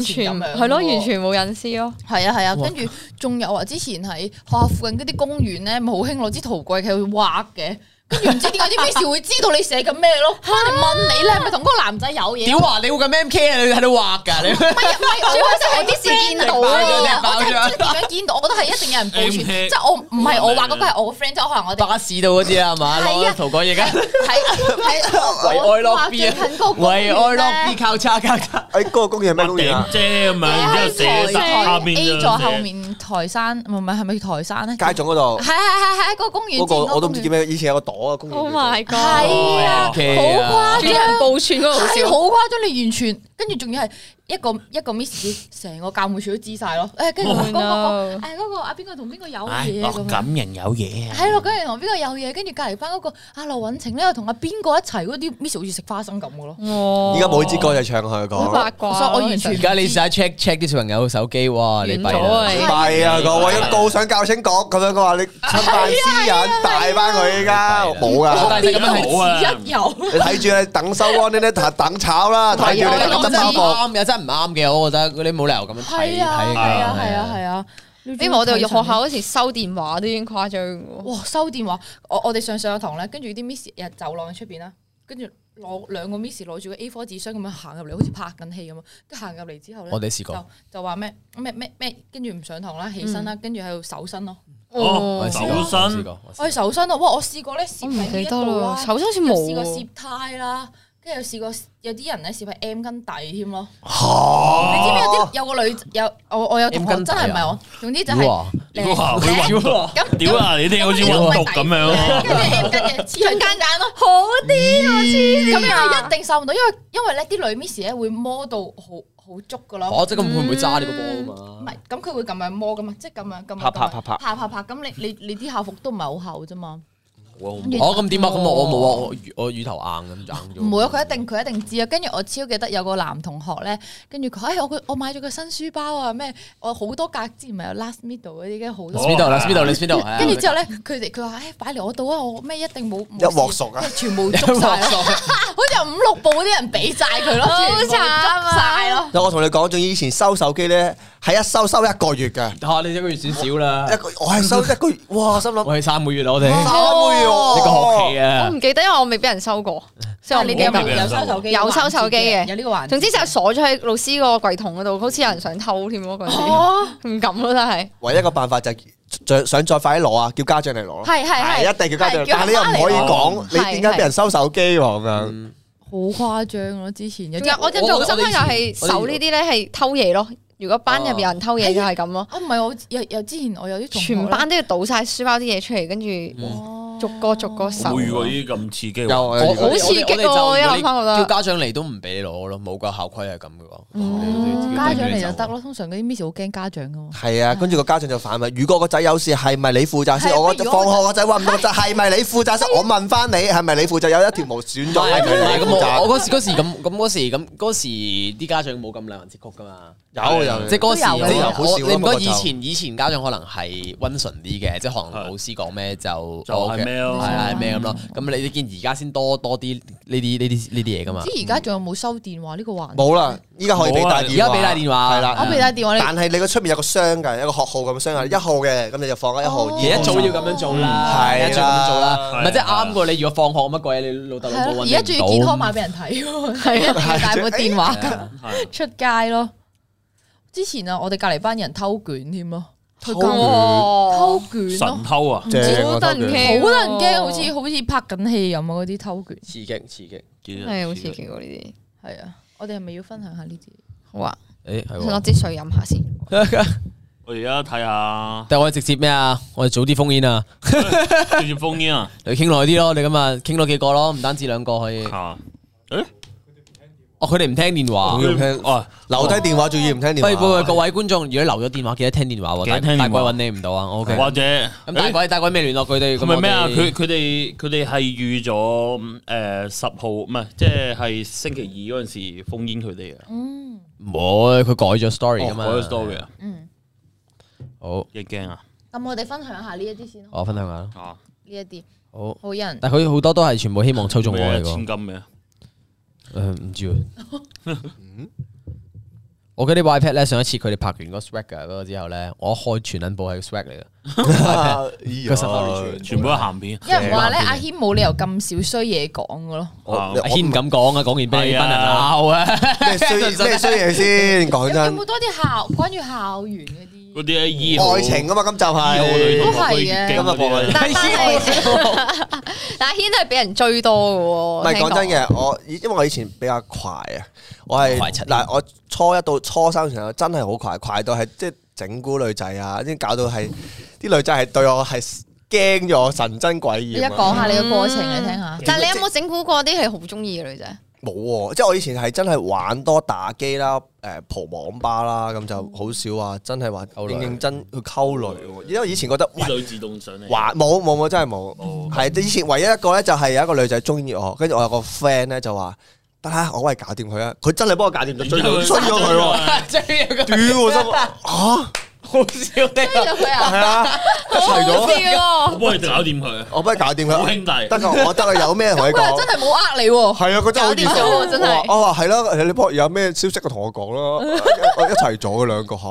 完全係咯，了完全冇隱私咯。係啊係啊，跟住仲有啊，之前喺學校附近嗰啲公園咧，咪好興攞支塗改液去畫嘅。跟住唔知點解啲 Diss 會知道你寫緊咩咯。你問你咧，係咪同嗰個男仔有嘢？屌啊！你會咁 MK 啊？你喺度畫噶？唔係唔係，最開心係 Diss 見到咯。即係點樣見到？我覺得係一定有人保存。即係我唔係我話嗰個係我 friend。即係可能我巴士度嗰啲啊嘛。係啊，圖講嘢嘅。喺喺維愛樂 B 啊，維愛樂 B 靠叉靠叉。喺嗰個公園係咩公園啊？即係咪？台山 A 座後面台山，唔係係咪台山咧？街總嗰度係係係係一個公園。嗰個我都唔知咩，以前有個島。Oh my god！係啊，好誇張， 報穿嗰個，係好誇張，你 完全跟住，仲要係。一個一個 miss，成個教務處都知曬咯。誒，跟住嗰個，誒嗰個阿邊個同邊個有嘢咁啊？冇感人有嘢啊！係咯，感人同邊個有嘢？跟住隔離班嗰個阿劉蘊晴咧，又同阿邊個一齊嗰啲 miss 好似食花生咁嘅咯。哇！依家冇支歌就唱佢個。好八卦。所以我完全。而家你試下 check check 啲小朋友手機，哇！你閉咗啊？閉啊！我我要告上教青局咁樣，我話你侵犯私隱，帶翻佢依家冇啊！但係咁樣係一有。你睇住啊，等收工呢啲，等炒啦。係啊，講真啱又真。唔啱嘅，我覺得你冇理由咁樣睇。係啊係啊係啊係啊！因為我哋學校嗰時收電話都已經誇張喎，哇收電話！我我哋上上堂咧，跟住啲 miss 日走廊出邊啦，跟住攞兩個 miss 攞住個 A4 紙箱咁樣行入嚟，好似拍緊戲咁樣！跟住行入嚟之後咧，我哋試過就話咩咩咩咩，跟住唔上堂啦，起身啦，跟住喺度搜身咯。哦，搜身，我試過，我係搜身啊！哇，我試過咧，唔記得啦，搜身先冇。又試過涉胎啦。有試過有啲人咧，試過 M 跟底添咯，吓！你知唔知有啲有個女有我我有同學真係唔係喎，總之就係，咁屌啊！你啲好似揾毒咁樣咯，中間夾咯，好癲啊！黐線啊！咁樣一定受唔到，因為因為咧啲女 Miss 咧會摸到好好足噶咯，哦，即係咁會唔會揸呢個波啊？唔係，咁佢會咁樣摸噶嘛，即係咁樣咁。啪啪啪啪啪啪啪咁，你你你啲校服都唔係好厚啫嘛。哦，咁點啊？咁我冇啊！我我乳頭硬咁就硬咗。唔會，佢一定佢一定知啊！跟住我超記得有個男同學咧，跟住佢，哎，我我買咗個新書包啊，咩？我好多格之前咪有 last middle 嗰啲嘅好多。m 跟住之後咧，佢哋佢話，哎，擺嚟我度啊！我咩一定冇，一鑊熟啊，全部捉曬，好似五六部啲人俾晒佢咯，好慘啊，曬咯。我同你講，仲以前收手機咧，係一收收一個月㗎。嚇，你一個月少少啦，一個我係收一個月，哇！心諗我係三個月啊，我哋三個月。呢個學期啊！我唔記得，因為我未俾人收過，所以我呢啲有收手機，有收手機嘅有呢個環節。總之就鎖咗喺老師個櫃桶嗰度，好似有人想偷添咯。嗰時哦，唔敢咯，真係。唯一個辦法就係想再快啲攞啊！叫家長嚟攞咯。係係係一定叫家長，但係你又唔可以講，你點解俾人收手機咁樣？好誇張咯！之前，我我好深刻又係手呢啲咧，係偷嘢咯。如果班入面有人偷嘢，就係咁咯。我唔係我有有之前我有啲全班都要倒晒書包啲嘢出嚟，跟住。逐個逐個搜，會啲咁刺激，好刺激喎！叫家長嚟都唔俾你攞咯，冇個校規係咁噶家長嚟就得咯，通常嗰啲 miss 好驚家長噶係啊，跟住個家長就反問啦。如果個仔有事，係咪你負責先？我放學個仔話唔得，係咪你負責先？我問翻你，係咪你負責？有一條毛斷咗，係咪你負責？我嗰時嗰時咁，咁嗰時咁，嗰時啲家長冇咁兩極曲噶嘛。有，即係嗰時你又好少你唔覺得以前以前家長可能係温順啲嘅，即可能老師講咩就就咩咯，係係咁咯。咁你你見而家先多多啲呢啲呢啲呢啲嘢噶嘛？而家仲有冇收電話呢個環節？冇啦，依家可以俾大家俾大電話我俾大電話，但係你個出面有個箱㗎，一個學號咁嘅箱啊，一號嘅，咁你就放一號。而一早要咁樣做啦，一早咁做啦，唔係即係啱過你。如果放學乜鬼，你老豆老母？而家仲要健康碼俾人睇，係啊，帶部電話出街咯。之前啊，我哋隔籬班人偷卷添咯，偷卷偷卷神偷啊，好得人驚，好得人驚，好似好似拍緊戲咁啊！嗰啲偷卷，刺激刺激，係好刺激呢啲，係啊！我哋係咪要分享下呢啲？好啊，誒，攞支水飲下先。我而家睇下，但係我哋直接咩啊？我哋早啲封煙啊，直接封煙啊！你傾耐啲咯，你咁啊，傾多幾個咯，唔單止兩個可以。誒。哦，佢哋唔聽電話，仲要聽。哦，留低電話仲要唔聽電話。喂喂各位觀眾，如果留咗電話記得聽電話喎，大鬼揾你唔到啊。OK，或者大鬼大鬼咩聯絡佢哋？咁咩啊？佢佢哋佢哋係預咗誒十號唔係，即係星期二嗰陣時封煙佢哋嘅。唔會，佢改咗 story 噶嘛。改咗 story 啊。好，一驚啊。咁我哋分享下呢一啲先咯。分享下啦。呢一啲好好人，但佢好多都係全部希望抽中我千金噶。誒，唔知啊，我嗰啲 iPad 咧，上一次佢哋拍完個 swagger 嗰個之後咧，我一開全銀部係 swagger 嚟嘅，全部都鹹片。有人話咧，阿軒冇理由咁少衰嘢講嘅咯，阿軒唔敢講啊，講完俾班人鬧啊，衰咩衰嘢先講。有冇多啲校關於校園？啲啊，愛情啊嘛，咁就係都係啊，咁但係，但係，但係，阿軒都係俾人追多嘅喎。唔係講真嘅，我因為我以前比較快啊，我係嗱，我初一到初三時候真係好快，快到係即係整蠱女仔啊，啲搞到係啲女仔係對我係驚咗，神憎鬼厭。而家講下你嘅過程嚟聽下，但係你有冇整蠱過啲係好中意嘅女仔？冇喎，即係我以前係真係玩多打機啦，誒、呃，蒲網吧啦，咁就好少話真係話認真去溝女喎，因為以前覺得呢女自動上嚟玩，冇冇冇真係冇，係、哦、是以前唯一一個咧就係有一個女仔中意我，跟住我有個 friend 咧就話得嚇，我可以搞掂佢啊，佢真係幫我搞掂咗追咗佢喎，追咗佢真嚇。好笑，中意佢啊！係啊，一齊咗，我幫你搞掂佢，我幫你搞掂佢，兄弟，得個我得個，有咩可以講？真係冇呃你，係啊，佢真係好掂真係。哦，係啦，你有咩消息嘅同我講啦，我一齊咗嘅兩個吓。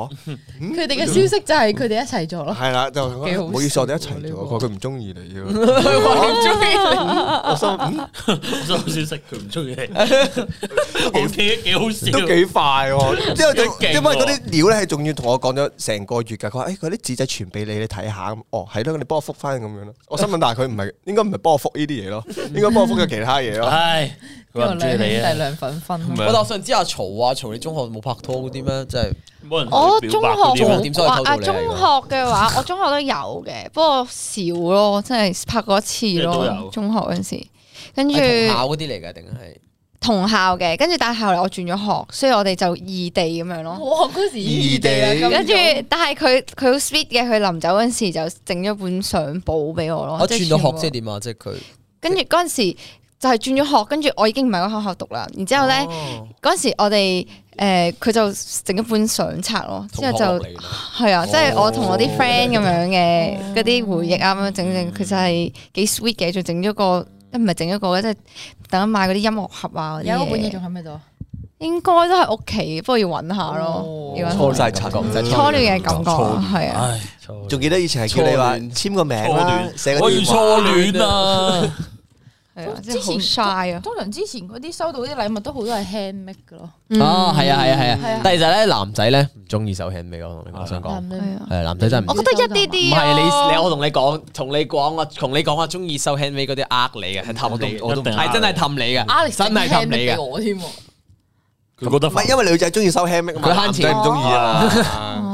佢哋嘅消息就係佢哋一齊做咯。係啦，就唔好意思，我哋一齊做，佢唔中意你。佢我心唔收到消息，佢唔中意你，幾好笑，都幾快。之後就因為嗰啲料咧，係仲要同我講咗個月噶，佢話誒，佢啲紙仔傳俾你，你睇下。哦，係咯，你幫我覆翻咁樣咯。我心諗，但係佢唔係，應該唔係幫我覆呢啲嘢咯， 應該幫我覆咗其他嘢咯。係 ，我中意你係兩粉粉。我想知阿曹啊，曹你中學冇拍拖嗰啲咩？即係冇人。我中學仲、啊、中學嘅話，我中學都有嘅，不過少咯，真係拍過一次咯。中學嗰陣時，跟住鬧嗰啲嚟㗎，定係。同校嘅，跟住但係後嚟我轉咗學，所以我哋就異地咁樣咯。哇！嗰時異地，異地，跟住但係佢佢好 sweet 嘅，佢臨走嗰陣時就整咗本相簿俾我咯。我轉咗學即係點啊？即係佢跟住嗰陣時就係轉咗學，跟住我已經唔喺嗰間學校讀啦。然之後咧，嗰陣時我哋誒佢就整咗本相冊咯，之後就係啊，即係、哦、我同我啲 friend 咁樣嘅嗰啲回憶啊，咁樣整整，其實係幾 sweet 嘅，就整咗個。一唔係整一個咧，即係等下買嗰啲音樂盒啊！有一本嘢仲喺咩度？應該都喺屋企，不過要搵下咯。初戀嘅感覺，初戀嘅感覺，係啊！仲記得以前係叫你話簽個名啦，我係初，戀、啊、初戀啊！ 之前嘥啊，通常之前嗰啲收到啲禮物都好多係 handmade 嘅咯。哦，係啊，係啊，係啊。但其實咧，男仔咧唔中意收 handmade，我想講。男仔啊。係男仔真係唔。我覺得一啲啲。唔係，你你我同你講，同你講啊，同你講啊，中意收 handmade 嗰啲呃你嘅，氹你，我都係真係氹你嘅，真係氹你嘅我添。佢覺得煩，因為女仔中意收 handmade，佢慳錢都唔中意啊。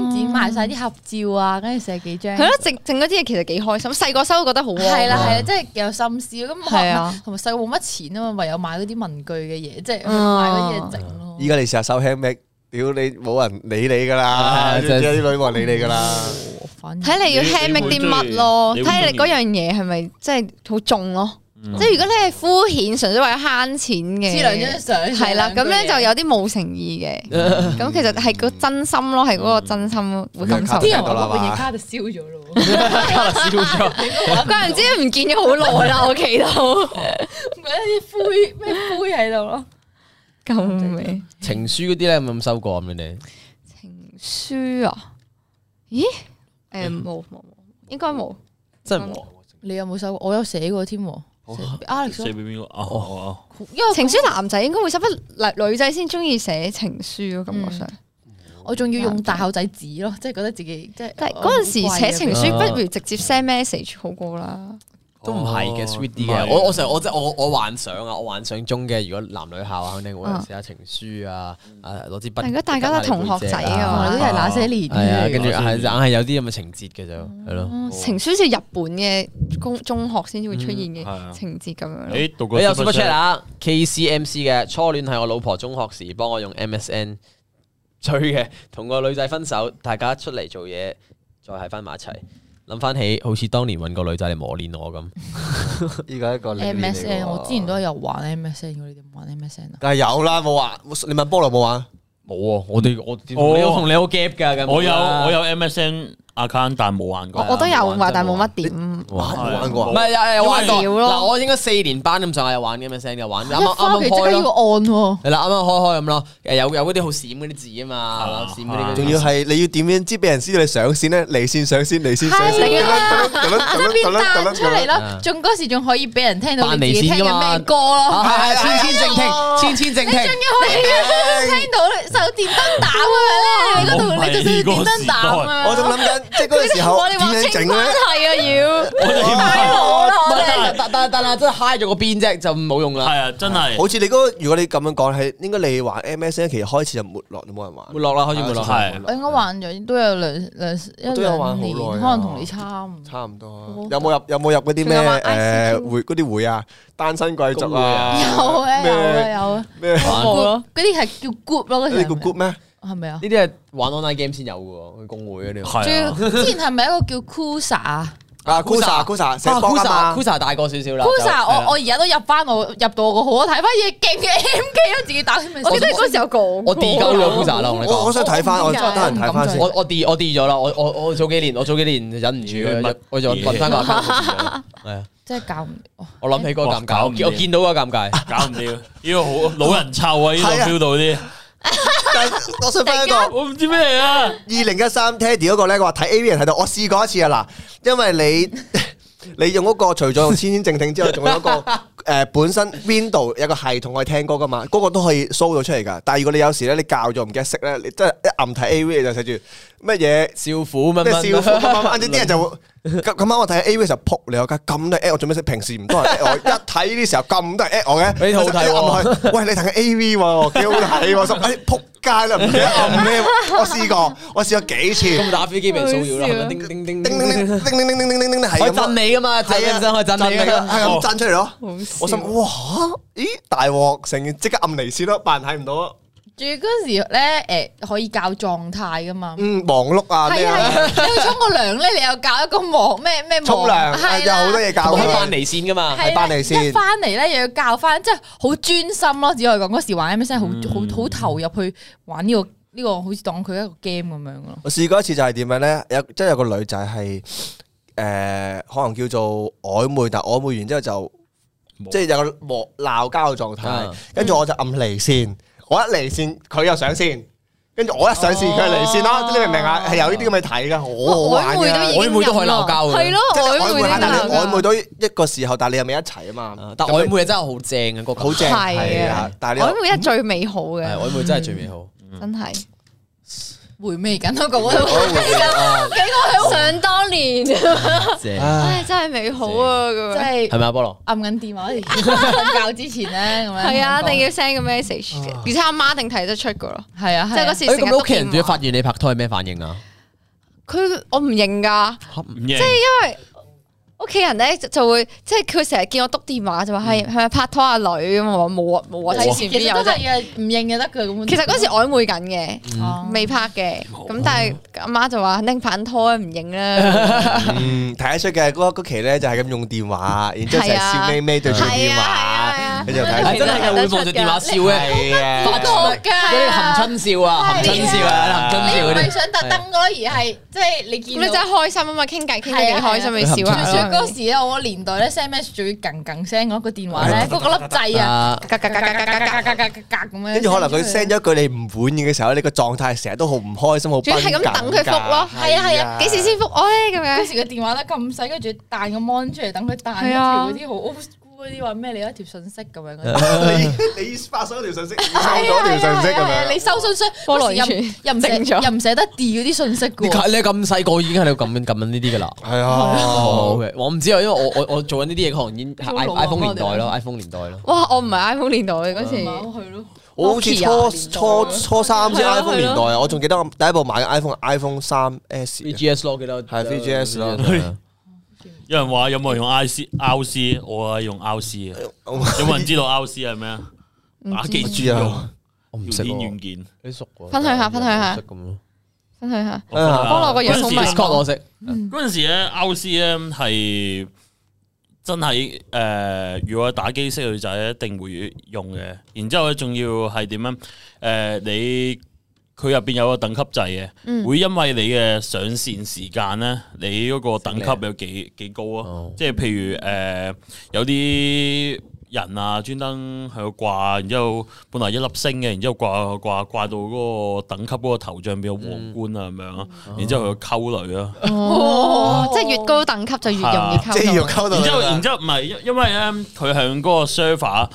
跟住買曬啲合照啊，跟住寫幾張，係咯，整整嗰啲嘢其實幾開心。細個收覺得好喎，係啦，係啊，即係有心思咁咯。啊的，同埋細個冇乜錢啊嘛，唯有買嗰啲文具嘅嘢，即係、啊、買嗰啲嘢整咯。依家、啊、你成下手 h a，屌你冇人理你㗎啦，的有啲女人理你㗎啦。睇的你反而要 h a 啲乜咯？睇你嗰樣嘢係咪即係好重咯、啊？即係如果你係敷衍，純粹為咗慳錢嘅，兩張相，係啦，咁咧就有啲冇誠意嘅。咁其實係個真心咯，係嗰個真心會咁。啲人！我卡就燒咗咯，燒咗。我怪唔知唔見咗好耐啦，我企到。咪一啲灰咩灰喺度咯，咁美情書嗰啲咧，有冇收過咁樣你？情書啊？咦？誒，冇冇應該冇。真係你有冇收過？我有寫過添。寫俾邊個？哦哦哦，因為情書男仔應該會收不，女女仔先中意寫情書咯，嗯、感覺上，嗯、我仲要用大口仔紙咯，嗯、即係覺得自己即係嗰陣時寫情書，情書、啊、不如直接 send message 好過啦。都唔係嘅，sweet 啲嘅。我我成日我即我我幻想啊，我幻想中嘅。如果男女校，肯定會寫下情書啊，攞、嗯啊、支筆。大家都係同學仔啊嘛，啊都係那些年。係啊，跟住硬係有啲咁嘅情節嘅就係咯。情書好似日本嘅中學先至會出現嘅情節咁、嗯啊、樣。你有冇 message？K C M C 嘅初戀係我老婆中學時幫我用 M S N 追嘅，同個女仔分手，大家出嚟做嘢，再喺翻埋一齊。諗翻起，好似當年搵個女仔嚟磨練我咁。依家 一個 MSN，我之前都有玩 MSN 你點玩 MSN 啊？梗係有啦，冇玩。你問菠蘿冇玩？冇啊！我哋我你有同你有 gap 噶。我有我有 MSN。阿卡但冇玩過，我覺得有玩，但冇乜點玩過，唔係有係玩過，嗱我應該四年班咁上下又玩咁嘅聲又玩，啱啱開咗個案係啦，啱啱開開咁咯，有有嗰啲好閃嗰啲字啊嘛，閃嗰啲，仲要係你要點樣知？係俾人知道你上線呢？離線上線離線，係啊，喺邊打出嚟咯？仲嗰時仲可以俾人聽到離線咁咩歌咯？係係千千靜聽，千千靜聽，你仲可以聽到手電燈膽啊？你嗰度你就要電燈膽我仲諗緊。即係嗰個時候點樣整咧？係啊，要太火啦！但但但係真係 high 咗個邊啫，就冇用啦。係啊，真係。好似你嗰個，如果你咁樣講，係應該你玩 MSN 其實開始就沒落，冇人玩。沒落啦，開始沒落。係。我應該玩咗都有兩兩，都有玩好耐，可能同你差唔。差唔多。有冇入有冇入嗰啲咩誒會嗰啲會啊？單身貴族啊？有啊有啊有啊。咩？Good 嗰啲係叫 Good 咯，嗰啲。你 Good 咩？係咪啊？呢啲係玩 online game 先有嘅喎，去公會嗰啲。係之前係咪一個叫 Kusa 啊？啊 Kusa，Kusa，Kusa 大個少少啦。Kusa，我我而家都入翻，我入到我個號，我睇翻嘢勁嘅 M K，自己打。我記得嗰時候講。我跌咗我同你講。我想睇翻，我得閒睇我我跌咗啦，我我我早幾年，我早幾年忍唔住，我就混翻個搞我諗起個尷尬，我見到個尷尬，搞唔掂。呢個好老人臭啊！呢度 feel 到啲。但我想翻一個，我唔知咩嚟啊！二零一三 Teddy 嗰個咧，佢話睇 A V 睇到，我試過一次啊嗱，因為你你用嗰個，除咗用千千靜聽之外，仲有嗰個誒，本身 Window 有個系統可以聽歌噶嘛，嗰個都可以 show 到出嚟噶。但係如果你有時咧，你教咗唔記得識咧，你即係一撳睇 A V 你就寫住乜嘢少婦乜乜，甚至啲人就。咁今晚我睇 A V 嘅時候扑你，我見咁多 at 我做咩？平時唔多人 at 我，一睇呢時候咁多人 at 我嘅，俾套睇我開。喂，你睇下 A V 喎，幾好睇我心，哎扑街啦，唔記得暗咩？我試過，我試咗幾次，咁打飛機被騷擾啦，叮叮叮叮叮叮叮叮叮叮叮，係啊，震你噶嘛，係啊，想開震你啊，咁震出嚟咯，我心哇，咦大鑊，成即刻暗嚟先咯，扮睇唔到。仲要嗰時咧，誒，可以教狀態噶嘛？嗯，忙碌啊，咩啊？你去沖個涼咧，你又教一個忙咩咩？沖涼係有好多嘢教，我翻嚟先噶嘛，翻嚟先。一翻嚟咧又要教翻，即係好專心咯。只可以講嗰時玩 M S N 好好好投入去玩呢個呢個，好似當佢一個 game 咁樣咯。我試過一次就係點樣咧？有即係有個女仔係誒，可能叫做曖昧，但曖昧完之後就即係有個忙鬧交嘅狀態，跟住我就暗離線。我一離線，佢又上線，跟住我一上線，佢又離線咯。哦、你明唔明啊？係有呢啲咁嘅睇噶，我好曖昧都可以鬧交嘅，係咯你。即係曖昧，但係曖昧到一個時候，但係你又未一齊啊嘛。但曖昧真係好正嘅，個好正係。但係曖昧一最美好嘅，曖昧、嗯欸、真係最美好，嗯、真係。回味緊都講，幾個好想當年，唉、 哎，真係美好啊！咁 真係係咪阿菠蘿按緊電話，嚟瞓覺之前咧，係啊、欸，一定要 send 個 message，而且阿媽一定睇得出個咯，係啊，即係嗰時成屋企人仲要發現你拍拖係咩反應啊？佢我唔認噶，唔認即係因為。屋企人咧就就會，即係佢成日見我篤電話就話，係係咪拍拖啊女？咁我冇啊冇啊，以前有都有嘅，唔認就得嘅。其實嗰時曖昧緊嘅，嗯、未拍嘅。咁、哦、但係阿媽，媽就話拎反拖唔認啦。嗯，睇得、嗯、 出嘅嗰嗰期咧就係咁用電話，然之後成日笑眯眯對住電話。 你又睇，真係係會放住電話笑嘅，發錯街啊！你啲含春笑啊，含春笑啊，含春笑嗰啲。你唔係想特登咯，而係即係你見。咁你真係開心啊嘛，傾偈傾得幾開心嘅笑啊！嗰時我個年代咧，send message 仲要哽哽聲，嗰個電話咧，嗰個粒掣啊，咁樣。跟住可能佢 send 咗句你唔滿意嘅時候，你個狀態成日都好唔開心，好崩格。主要係咁等佢復咯，係啊係啊，幾時先復？哎咁樣。嗰時個電話咧咁細，跟住彈個 mon 出嚟等佢彈一條嗰啲好。嗰啲話咩？你有一條信息咁樣，你你發咗條信息，收咗條信息咁樣，你收信息過來又唔捨得，又唔捨得掉啲信息嘅。點解你咁細個已經喺度撳撳呢啲噶啦，係啊。我唔知啊，因為我我我做緊呢啲嘢，可能已 iPhone 年代咯，iPhone 年代咯。哇！我唔係 iPhone 年代嗰時，係咯。我好似初初初三先 iPhone 年代啊！我仲記得我第一部買 iPhone，iPhone 三 S。g s 咯，記得係 GS 咯。有人話有冇人用 I C O C？我係用 O C 啊！有冇人知道 O C 係咩啊？打機專用聊天軟件，你熟？分享下，分享下。分享下，幫我個嘢。我識。嗰陣時咧，O C 咧係真係誒，如果打機識女仔一定會用嘅。然之後咧，仲要係點樣？誒，你。佢入邊有個等級制嘅，會因為你嘅上線時間咧，你嗰個等級有幾幾高啊？即係譬如誒、呃，有啲人啊專登喺度掛，然之後本來一粒星嘅，然之後掛掛掛到嗰個等級嗰個頭像變咗皇冠啊咁樣，嗯哦、然之後佢溝女咯，哦、 即係越高等級就越容易溝的，然之後然之後唔係，因為咧佢係嗰個 server，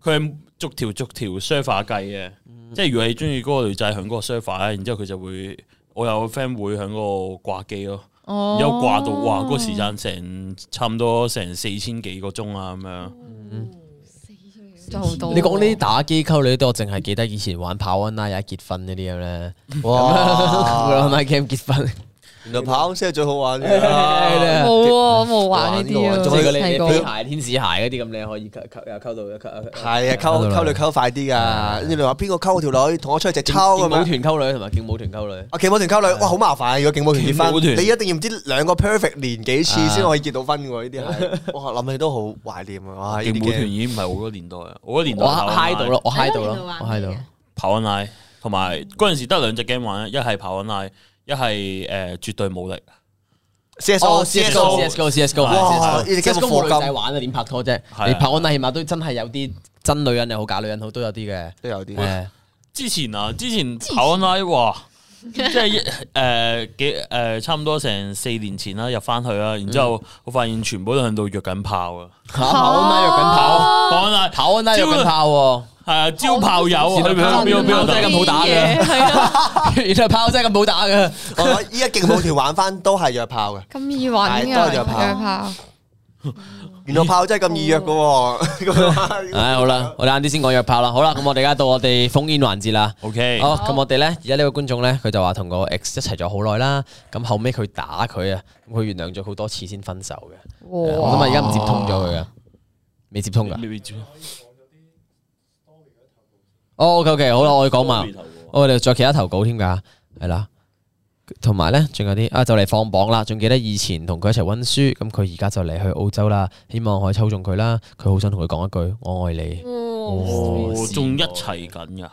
佢係逐條逐條 server 計嘅。即係如果你中意嗰個女仔響嗰個 server 咧，然之後佢就會，我有個 friend 會響個掛機咯，然之後掛到哇，嗰個時間成差唔多成四千幾個鐘啊咁樣。四你講呢啲打機溝女都，我淨係記得以前玩跑 run 啦，有一結婚嗰啲咧，我我拉 game 結婚。跑車係最好玩嘅，冇啊，我冇、 嗯、 玩呢啲、啊。的你啲皮鞋、天使鞋嗰啲咁你可以溝又溝到一級。係啊，溝溝、啊、女溝快啲㗎。你哋話邊個溝我條女，同我出去只溝係舞團溝女同埋勁舞團溝女。啊，勁舞團溝女，哇，好麻煩啊！如果勁舞團結婚，你一定要唔知兩個 perfect 年幾次先可以結到婚㗎喎！呢啲係。哇，諗起都好懷念啊！哇，勁舞 團已經唔係好多年代啊，好多年代。Like、我 high 到我 high 到我 high 到。跑 online 同埋嗰陣時得兩隻 game 玩，一係跑 online。一係誒絕對冇力。CS GO，CS GO，CS GO，CS GO，哇！CS GO 冇女仔玩啊，點拍拖啫？你跑 Online 起碼都真係有啲真女人又好，假女人好都有啲嘅，都有啲。之前啊，之前跑 Online 話，即係誒幾誒差唔多成四年前啦，入翻去啦，然之後我發現全部都喺度約緊炮啊！跑 Online 約緊炮，跑跑 Online 約緊炮。係招炮友啊，炮真係咁好打嘅？原來炮真係咁好打嘅。我依家勁舞團玩翻都係約炮嘅，咁易揾噶，約炮。原來炮真係咁易約噶喎。唉，好啦，我哋晏啲先講約炮啦。好啦，咁我哋而家到我哋烽煙環節啦。OK，好，咁我哋咧，而家呢個觀眾咧，佢就話同個 ex 一齊咗好耐啦。咁後尾佢打佢啊，咁佢原諒咗好多次先分手嘅。咁啊，而家唔接通咗佢噶，未接通噶。哦 OK 好啦，我講嘛，我哋再其他投稿添噶，係啦，同埋咧仲有啲啊，就嚟放榜啦，仲記得以前同佢一齊溫書，咁佢而家就嚟去澳洲啦，希望可以抽中佢啦，佢好想同佢講一句我愛你，哦，仲一齊緊噶。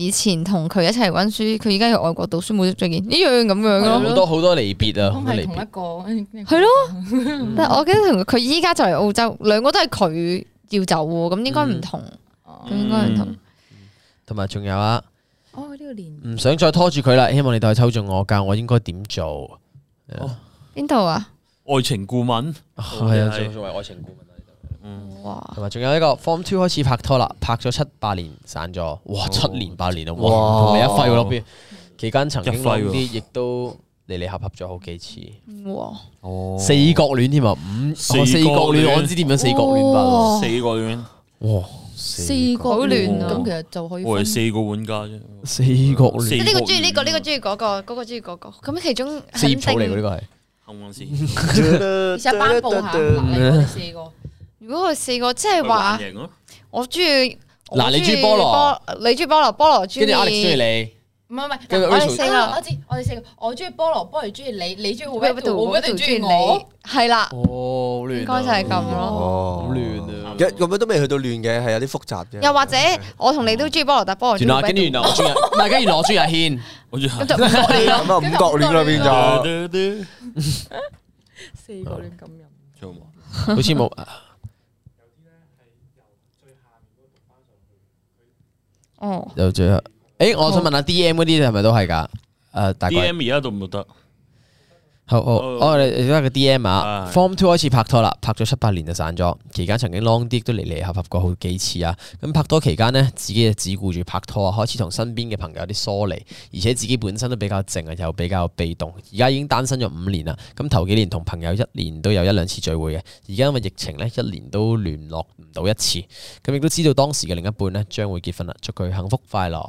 以前同佢一齊溫書，佢而家去外國讀書冇咗再見，一樣咁樣咯。好對多好多離別啊，都係同一個。係咯吧， 但係我記得同佢，佢依家就嚟澳洲，兩個都係佢要走喎，咁應該唔同，咁、嗯、應該唔同。同埋仲有啊，哦呢、這個年唔想再拖住佢啦，希望你帶我抽中我，教我應該點做。邊度、哦嗯、啊？愛情顧問，係啊、哦，作為愛情顧問。哇，同埋仲有一個 Form Two 開始拍拖啦，拍咗七八年散咗，哇，七年八年啊，哇，你一廢落邊期間曾經一廢啲，亦都離離合合咗好幾次，四角戀添啊，五四角戀，我知點樣四角戀吧，四角戀，哇，四角戀啊，咁其實就可以，我四個玩家啫，四角戀，呢個中意呢個，呢個中意嗰個，嗰個中意嗰個，咁其中，字草嚟嘅，呢個係，紅王字，而且頒布如果佢四個即係話，我中意嗱，你中意菠蘿，你中意菠蘿，菠蘿中意，跟住中意你，唔係唔係，我哋四個，我知，我哋四個，我中意菠蘿，菠蘿中意你，你中意胡威圖，胡威圖中意你。係啦，哦，好亂，應該就係咁咯，好亂啊，咁都未去到亂嘅，係有啲複雜嘅，又或者我同你都中意菠蘿但菠蘿，原來跟住我中，唔係，跟住羅書阿軒，我中，咁五角戀啦變咗，四角戀咁樣，好似冇.哦，有最後，誒，我想問下 D.M 啲係咪都係噶？誒，大家 D.M 而家都唔得。好好，oh，我哋而家 D.M 啊，Form Two 開始拍拖啦，拍咗七八年就散咗。期間曾經 long 啲都離離合合過好幾次啊。咁拍拖期間呢，自己就只顧住拍拖啊，開始同身邊嘅朋友啲疏離，而且自己本身都比較靜啊，又比較被動。而家已經單身咗五年啦。咁頭幾年同朋友一年都有一兩次聚會嘅，而家因為疫情呢，一年都聯絡唔到一次。咁亦都知道當時嘅另一半呢，將會結婚啦，祝佢幸福快樂。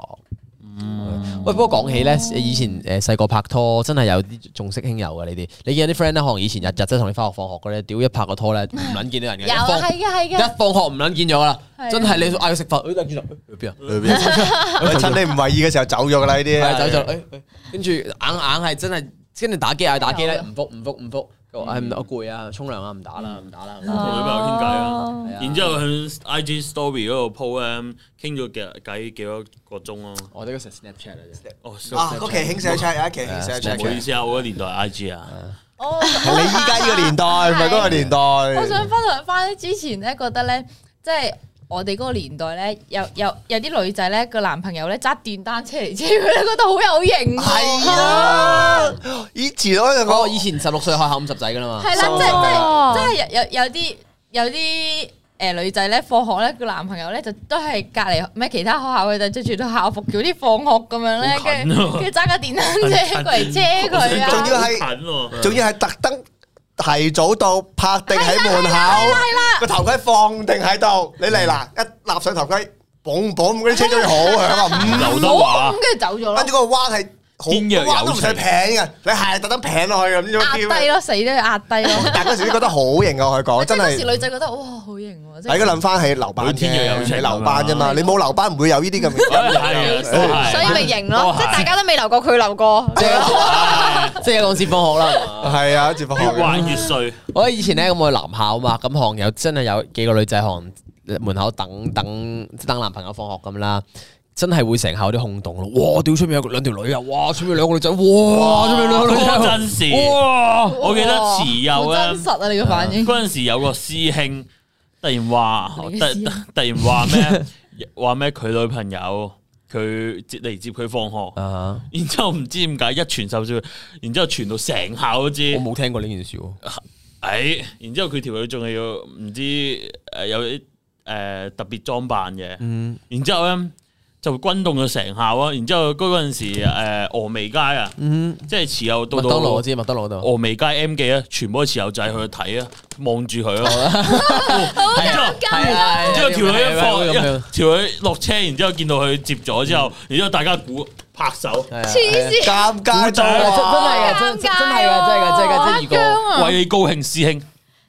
喂，不過講起咧，以前誒細個拍拖真係有啲重色輕友嘅呢啲。你見有啲 friend 咧，可能以前日日都同你翻學放學嘅咧，屌一拍個拖咧，唔撚見到人嘅。有係嘅，係嘅。一放學唔撚見咗啦，真係你嗌佢食飯，唔撚見咗，去邊啊？趁你唔懷疑嘅時候走咗啦呢啲，走咗。跟住硬硬係真係。跟住打機啊，打機咧唔覆唔覆唔覆，佢話係我攰啊，沖涼啊，唔打啦唔打啦，同女朋友傾偈啊，然之後去 IG Story 嗰度 po M 傾咗幾偈幾多個鐘咯，我哋嗰時 Snapchat 啊，哇，嗰期興 Snapchat，有一期興 Snapchat，唔好意思啊，我嗰年代 IG 啊，你依家呢個年代唔係嗰個年代？我想分享返之前咧，覺得咧即係。我哋嗰個年代咧，有有有啲女仔咧個男朋友咧揸電單車嚟車佢，覺得好有型。係啊，啊以前我以前十六歲考五十仔噶啦嘛。係啦，說 即係即係即係有有啲有啲誒女仔咧放學咧個男朋友咧就都係隔籬咩其他學校，佢就着住套校服，早啲放學咁樣咧，跟住揸架電單車近過嚟車佢啊！仲要係，仲要係特登。提早到，拍定喺門口，係啦，個頭盔放定喺度。你嚟啦，一立上頭盔，嘣嘣嗰啲車終於好響啊！劉德華，跟住走咗。」跟住個彎係。好型啊！都唔使平噶，你係特登平落去咁樣。壓低咯，死都壓低咯。但嗰時覺得好型噶，佢講真係。但係當時女仔覺得哇，好型喎。喺嗰諗翻起留班啫，天若有情留班啫嘛。你冇留班，唔會有呢啲咁。所以咪型咯，即係大家都未留過，佢留過。即係即係講接放學啦。係啊，接放學越玩越衰。我以前咧咁去南校啊嘛，咁行有真係有幾個女仔行門口等等等男朋友放學咁啦。真係會成校啲空洞咯！哇，屌出面有兩條女啊！哇，出面兩個女仔，哇，出面兩個女仔，真係！我記得持有啊！真實啊，你個反應嗰陣時有個師兄突然話，突突然話咩？話咩？佢女朋友佢接嚟接佢放學，然之後唔知點解一傳就傳，然之後傳到成校都知。我冇聽過呢件事喎。誒，然之後佢條女仲係要唔知誒有啲誒特別裝扮嘅，嗯，然之後咧。就轟動咗成校啊！然之後嗰嗰陣時，誒，峨眉街啊，即係持有到麥當勞，我知麥當勞到。峨眉街 M 記啊，全部都持有仔去睇啊，望住佢啊。好尷尬啊！之後條女一放，條女落車，然之後見到佢接咗之後，然之後大家估拍手，黐線，尷尬，真係啊，真係噶，真係噶，真係噶，真係噶，為你高興，師兄。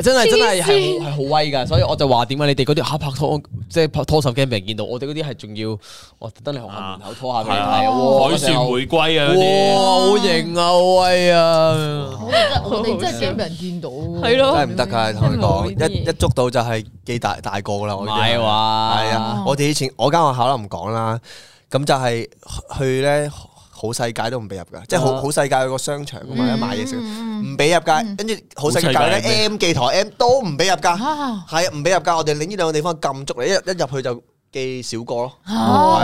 真係真係係好係好威噶，所以我就話點解你哋嗰啲吓拍拖，即係拍拖手機俾人見到，我哋嗰啲係仲要，我哇，真係學校門口拖下嘅，海旋玫瑰啊，哇，好型啊，威啊，我哋真係驚俾人見到，係咯，真係唔得噶，一一捉到就係幾大大個啦，唔係話，係啊，我哋以前我間學校都唔講啦，咁就係去咧。好世界都唔俾入噶，即係好好世界個商場咁樣買嘢食，唔俾、嗯、入噶。跟住好世界咧，M 記台，M，台 M 都唔俾入噶，係啊哈哈，唔俾入噶。我哋呢呢兩個地方禁足你一一入去就。嘅少個咯，係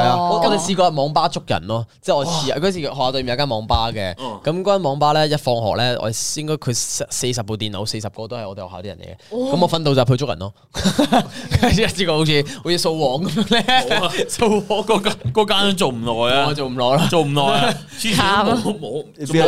啊！我咁你試過喺網吧捉人咯？即係我試嗰時學校對面有間網吧嘅，咁嗰間網吧咧一放學咧，我應該佢四十部電腦，四十個都係我哋學校啲人嚟嘅。咁我分到集去捉人咯，一節個好似好似掃黃咁樣咧，掃黃嗰間都做唔耐啊，做唔耐啦，做唔耐啊！慘冇啊！佢俾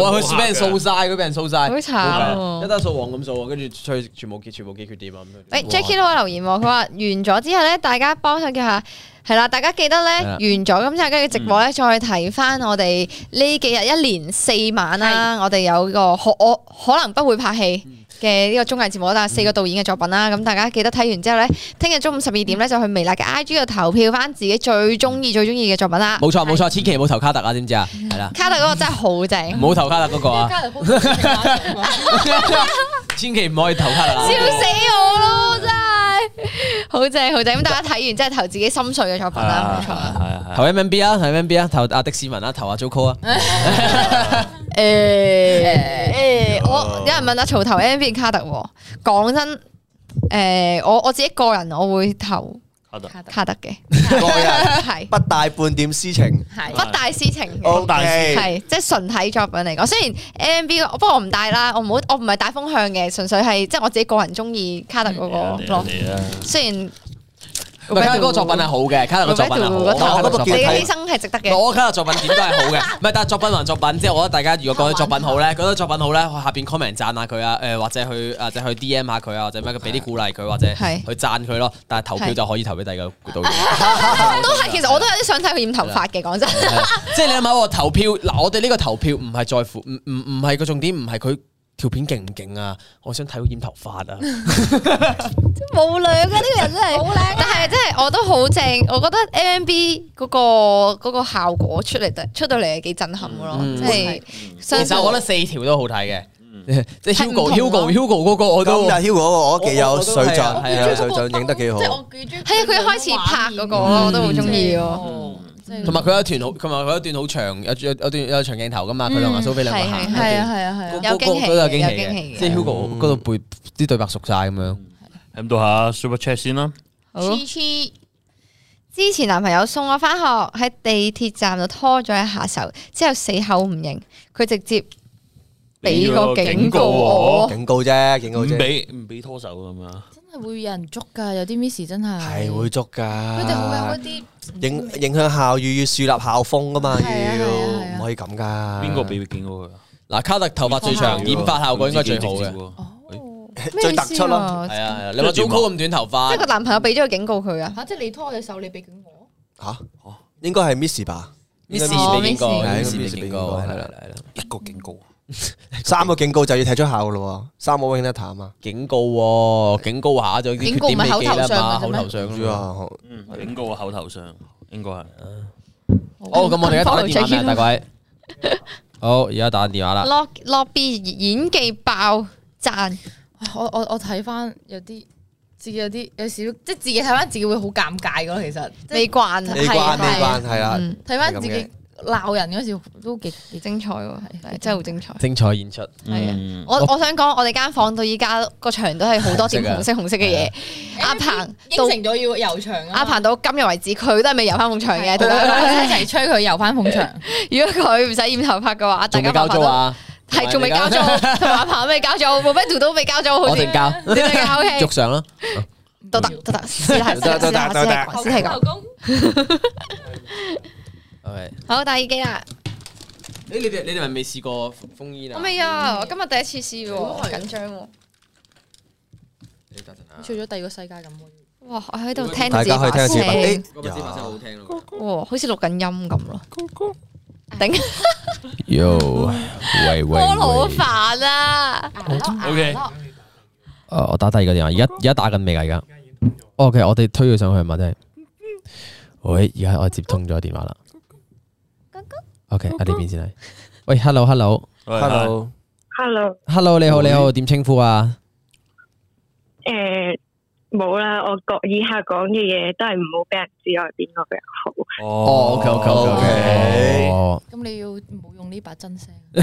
人掃晒，佢俾人掃晒，好慘啊！一單掃黃咁掃，跟住全全部全部揭缺點啊！咁樣。喂，Jackie 都留言喎，佢話完咗之後咧，大家幫手叫下。係啦，大家記得咧完咗咁之後，跟住直播咧再睇翻我哋呢幾日一連四晚啦。我哋有個可我可能不會拍戲嘅呢個綜藝節目，但係四個導演嘅作品啦。咁大家記得睇完之後咧，聽日中午十二點咧就去微辣嘅 I G 度投票翻自己最中意最中意嘅作品啦。冇錯冇錯，千祈唔好投卡特啊，知唔知啊？係啦，卡特嗰個真係好正，唔好投卡特嗰個啊！千祈唔可以投卡特，笑死我咯真。好正 好正，咁大家睇完即係投自己心水嘅作品啦，冇錯啦。投 MNB 啊，投 MNB 啊，投阿的士文啊，投阿 JoCo 啊。誒，我有人問阿曹投 MNB 卡特，講真，誒、欸，我我自己個人我會投。卡特卡德嘅係不帶半點私情，係不帶私情。OK 係即係純睇作品嚟講，雖然 M V 不過我唔帶啦，我唔好我唔係帶風向嘅，純粹係即係我自己個人中意卡特嗰、那個咯。Yeah, yeah, yeah. 雖然。唔係，佢嗰個作品係好嘅，卡嗰個作品係好嘅，你嘅犧牲係值得嘅。我卡嗰個作品點都係好嘅。唔係，但係作品還作品之後，我覺得大家如果覺得作品好咧，覺得作品好咧，下邊 comment 讚下佢啊，誒，或者去或者去 DM 下佢啊，或者咩嘅，俾啲鼓勵佢或者去讚佢咯。的但係投票就可以投俾第二個導演。都係的， 其實我都有啲想睇佢染頭髮嘅，講真。即係的 你諗下，我投票嗱，我哋呢個投票唔係在乎，唔唔唔係個重點，唔係佢。條片勁唔勁啊？我想睇到染頭髮啊！冇靚啊，呢個人真係好靚，但係真係我都好正。我覺得 M M B 嗰個個效果出嚟，出到嚟係幾震撼嘅咯。即係，其實我覺得四條都好睇嘅。即係 Hugo，Hugo，Hugo 嗰個我都，但係 Hugo 我我幾有水準，係啊，就影得幾好。係啊，佢一開始拍嗰個我都好中意。同埋佢有段好，同埋佢有一段好長，有有有段有長鏡頭㗎嘛，佢同、嗯、阿蘇菲兩個行嗰段，有驚喜，都有驚喜嘅，即係 Hugo 嗰度背啲、那個、對白熟晒咁樣。咁的、嗯、到下 Super Chat 先啦。超好之前男朋友送我返學喺地鐵站就拖咗一下手，之後死口唔認，佢直接俾個警告我，警告啫，警告啫，唔俾唔俾拖手啦嘛。係會有人捉噶，有啲 miss 真係係會捉噶。佢哋會有嗰啲影影響校譽，要樹立校風噶嘛，要唔可以咁噶。邊個俾警告佢？嗱，卡特頭髮最長，染發效果應該最好嘅，最突出咯。係啊，你話中高咁短頭髮，即係個男朋友俾咗個警告佢啊？吓，即係你拖我隻手，你俾警告？吓，應該係 miss 吧？miss 俾警告，miss 警告，係啦，係啦，一個警告。三個警告就要踢出校咯，三個 warning 啊嘛，警告，警告下就，警告唔係口頭上噶咩？口頭上啫嘛，嗯，警告口頭上，應該係。好，咁我哋而家打電話，大鬼。好，而家打電話啦。Lock Lock B 演技爆讚，我我我睇翻有啲自己有啲有少少，即係自己睇翻自己會好尷尬噶咯，其實。你慣啊？你慣？你慣？係啦，睇翻自己。鬧人嗰時都幾幾精彩喎，真係好精彩。精彩演出，係啊！我我想講我哋間房到依家，個牆都係好多條紅色紅色嘅嘢。阿鵬應承咗要游牆啊！阿鵬到今日為止佢都係未游翻埲牆嘅，大家一齊催佢游翻埲牆。如果佢唔使染頭髮嘅話，大家交咗啊？係仲未交租？同阿鵬未交租 Ben 都未交租？我哋交，我哋交。繼續上啦，得得得得，好，戴耳機啦！誒，你哋你哋係咪未試過風衣啊？我未啊，我今日第一次試喎，緊張喎。除咗第二個世界咁。哇！我喺度聽自己先，誒，好聽好似錄緊音咁咯。頂，Yo 喂喂，我好煩啊！O K，誒，我打第二個電話，而家而家打緊未啊？而家，O K，我哋推佢上去嘛，真係。喂，而家我接通咗電話啦。OK，喺呢邊先。喂，Hello，Hello，Hello，Hello，Hello，你好，你好，點稱呼啊？誒，冇啦，我講以下講嘅嘢都係唔好俾人知我係邊個比較好。哦，OK，OK，OK。咁你要唔好用呢把真聲，我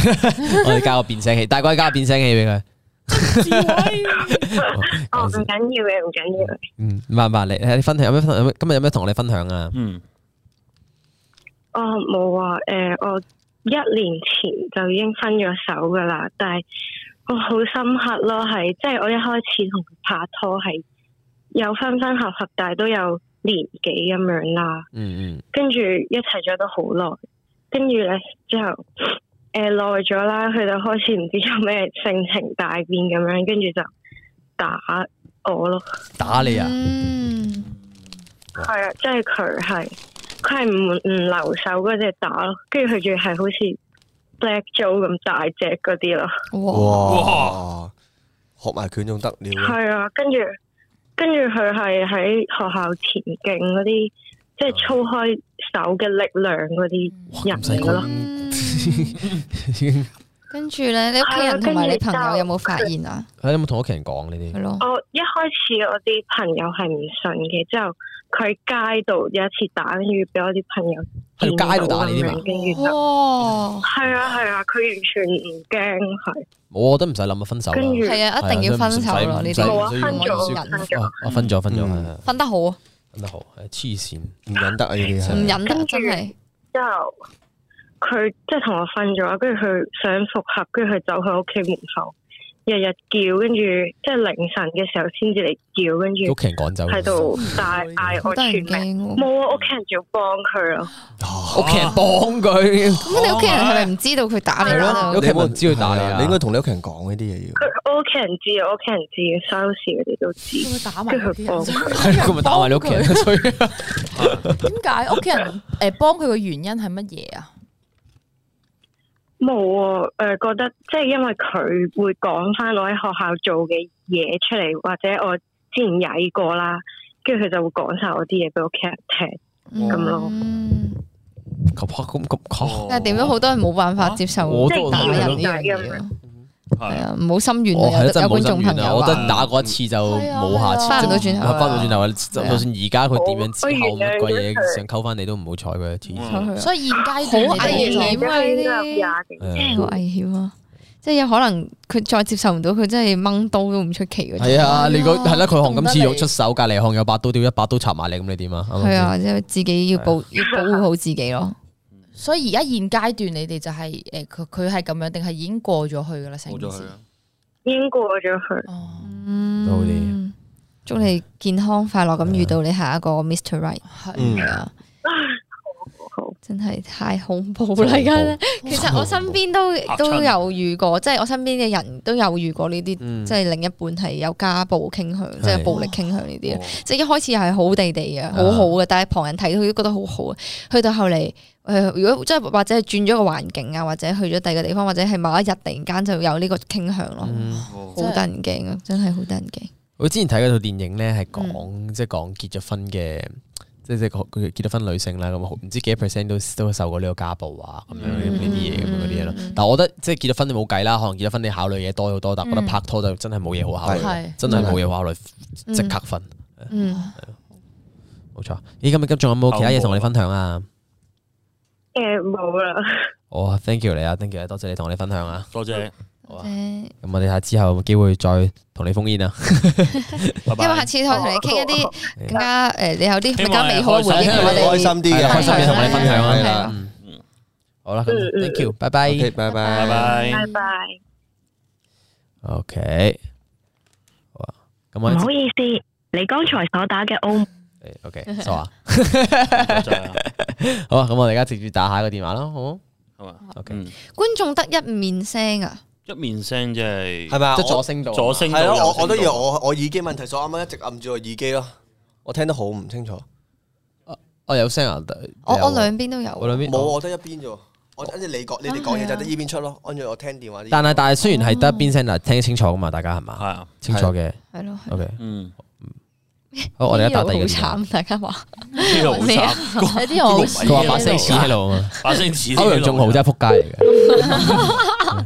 哋加個變聲器，大家加個變聲器俾佢。哦，唔緊要嘅，唔緊要。嗯，唔怕唔怕，你誒，分享有咩有咩？今日有咩同我哋分享啊？嗯。哦，冇啊！誒、呃，我一年前就已經分咗手噶啦，但係我好深刻咯，係即係我一開始同佢拍拖係有分分合合，但係都有年幾咁樣啦。嗯嗯。跟住一齊咗都好耐，跟住咧之後誒耐咗啦，佢、呃、就開始唔知有咩性情大變咁樣，跟住就打我咯。打你啊！嗯，係啊，即係佢係。佢係唔唔留手嗰隻打咯，跟住佢仲係好似 black 蕉咁大隻嗰啲咯。哇！哇，學埋拳仲得了？係啊，跟住跟住佢係喺學校田徑嗰啲，即係操開手嘅力量嗰啲入去咯。跟住咧，你屋企人同埋你朋友有冇發現啊？你有冇同屋企人講呢啲？係咯。我一開始我啲朋友係唔信嘅，之後。佢喺街度有一次打，跟住俾我啲朋友喺街度打啲嘛。哇，係啊係，啊，佢完全唔驚吓。我都唔使諗啊，分手。跟住，係啊，一定要分手啦。呢，分咗，分咗，分咗，分得好啊，分得好，黐線，唔忍得啊，呢啲。唔忍得，跟住，之後佢即係同我分咗，跟住佢想復合，跟住佢走去佢屋企門口。日日叫，跟住即係凌晨嘅時候先至嚟叫，跟住屋企人趕走，喺度大嗌我全名，冇、哦、啊！屋企、哦、人仲要幫佢咯，屋企人幫佢。咁你屋企人係咪唔知道佢打你啦？屋企人知佢打你啊！你應該同你屋企人講呢啲嘢要。佢屋企人知啊，屋企人知嘅 sales 啲都知。咁咪打埋佢？咁咪打埋你屋企人？所以點解屋企人誒幫佢嘅原因係乜嘢啊？冇誒、啊呃，覺得即係因為佢會講翻我喺學校做嘅嘢出嚟，或者我之前曳過啦，跟住佢就會講晒我啲嘢俾屋企人聽咁咯。咁咁咁，但係點都好多人冇辦法接受、啊、我即係打人呢樣係啊，唔好心軟。有觀眾朋友，我覺得打過一次就冇下次，翻到轉頭，翻到轉頭，就算而家佢點樣抽乜鬼嘢，想溝翻你都唔好睬佢一次，所以現階好危險啊，呢個真係好危險啊，即係有可能佢再接受唔到，佢真係掹刀都唔出奇嘅。係啊，你個係啦，佢項金刺肉出手，隔籬項有把刀，丟一把刀插埋你咁，你點啊？係啊，即係自己要保要保護好自己咯。所以而家現階段你哋就係誒，佢佢係咁樣定係已經過咗去㗎喇，成件事。已經過咗去。嗯。嗯以。祝你健康快樂咁、嗯、遇到你下一個 Mr. Right、嗯。係啊的。嗯真係太恐怖啦！而家咧，恐怖？其實我身邊都都有遇過，啊、即係我身邊嘅人都有遇過呢啲，嗯、即係另一半係有家暴傾向，嗯、即係暴力傾向呢啲。啊啊、即係一開始係好地地嘅，好好嘅，啊、但係旁人睇到都覺得好好。去到後嚟，誒、呃，如果即係或者係轉咗個環境啊，或者去咗第二個地方，或者係某一日突然間就有呢個傾向咯，好得人驚，真係好得人驚。我之前睇嗰套電影咧，係講即係講結咗婚嘅。即係即係佢結咗婚女性啦，咁唔知幾多 percent 都都受過呢個家暴啊，咁樣呢啲嘢，咁嗰啲嘢咯。但係我覺得即係結咗婚你冇計啦，可能結咗婚你考慮嘢多好多，但覺得拍拖就真係冇嘢好考慮，對真係冇嘢考慮，即刻分。冇錯。咦，今日仲有冇其他嘢同我哋分享啊？誒、嗯，冇、嗯、好啊、嗯 oh, thank you 你啊，thank you 多謝你同我哋分享啊，多謝。好啊，咁我哋下之後有機會再同你烽煙啊，因為下次可以同你傾一啲更加誒，你有啲更加美好嘅回憶，開心啲嘅，開心啲同你分享啦。嗯，好啦，thank you，拜拜，拜拜，拜拜，拜拜。OK，好啊，咁我唔好意思，你剛才所打嘅 O，誒 OK，傻啊，好啊，咁我哋而家直接打下個電話啦，好，好啊，OK，觀眾得一面聲啊。一面聲即係係咪啊？即係左聲道，係咯。我我都以為我我耳機問題，所以我啱啱一直按住個耳機咯。我聽得好唔清楚。我有聲啊！我我兩邊都有，我兩邊冇，得一邊啫。我反你你哋講嘢就得呢邊出咯。按住我聽電話，但係但係雖然係得一邊聲，但係聽得清楚噶嘛？大家係嘛？係啊，清楚嘅。係咯。O K。嗯。好，我哋一打第二。大家話呢度慘，有啲我佢話把聲似喺度嘛，把聲似歐陽仲豪真係仆街嚟嘅。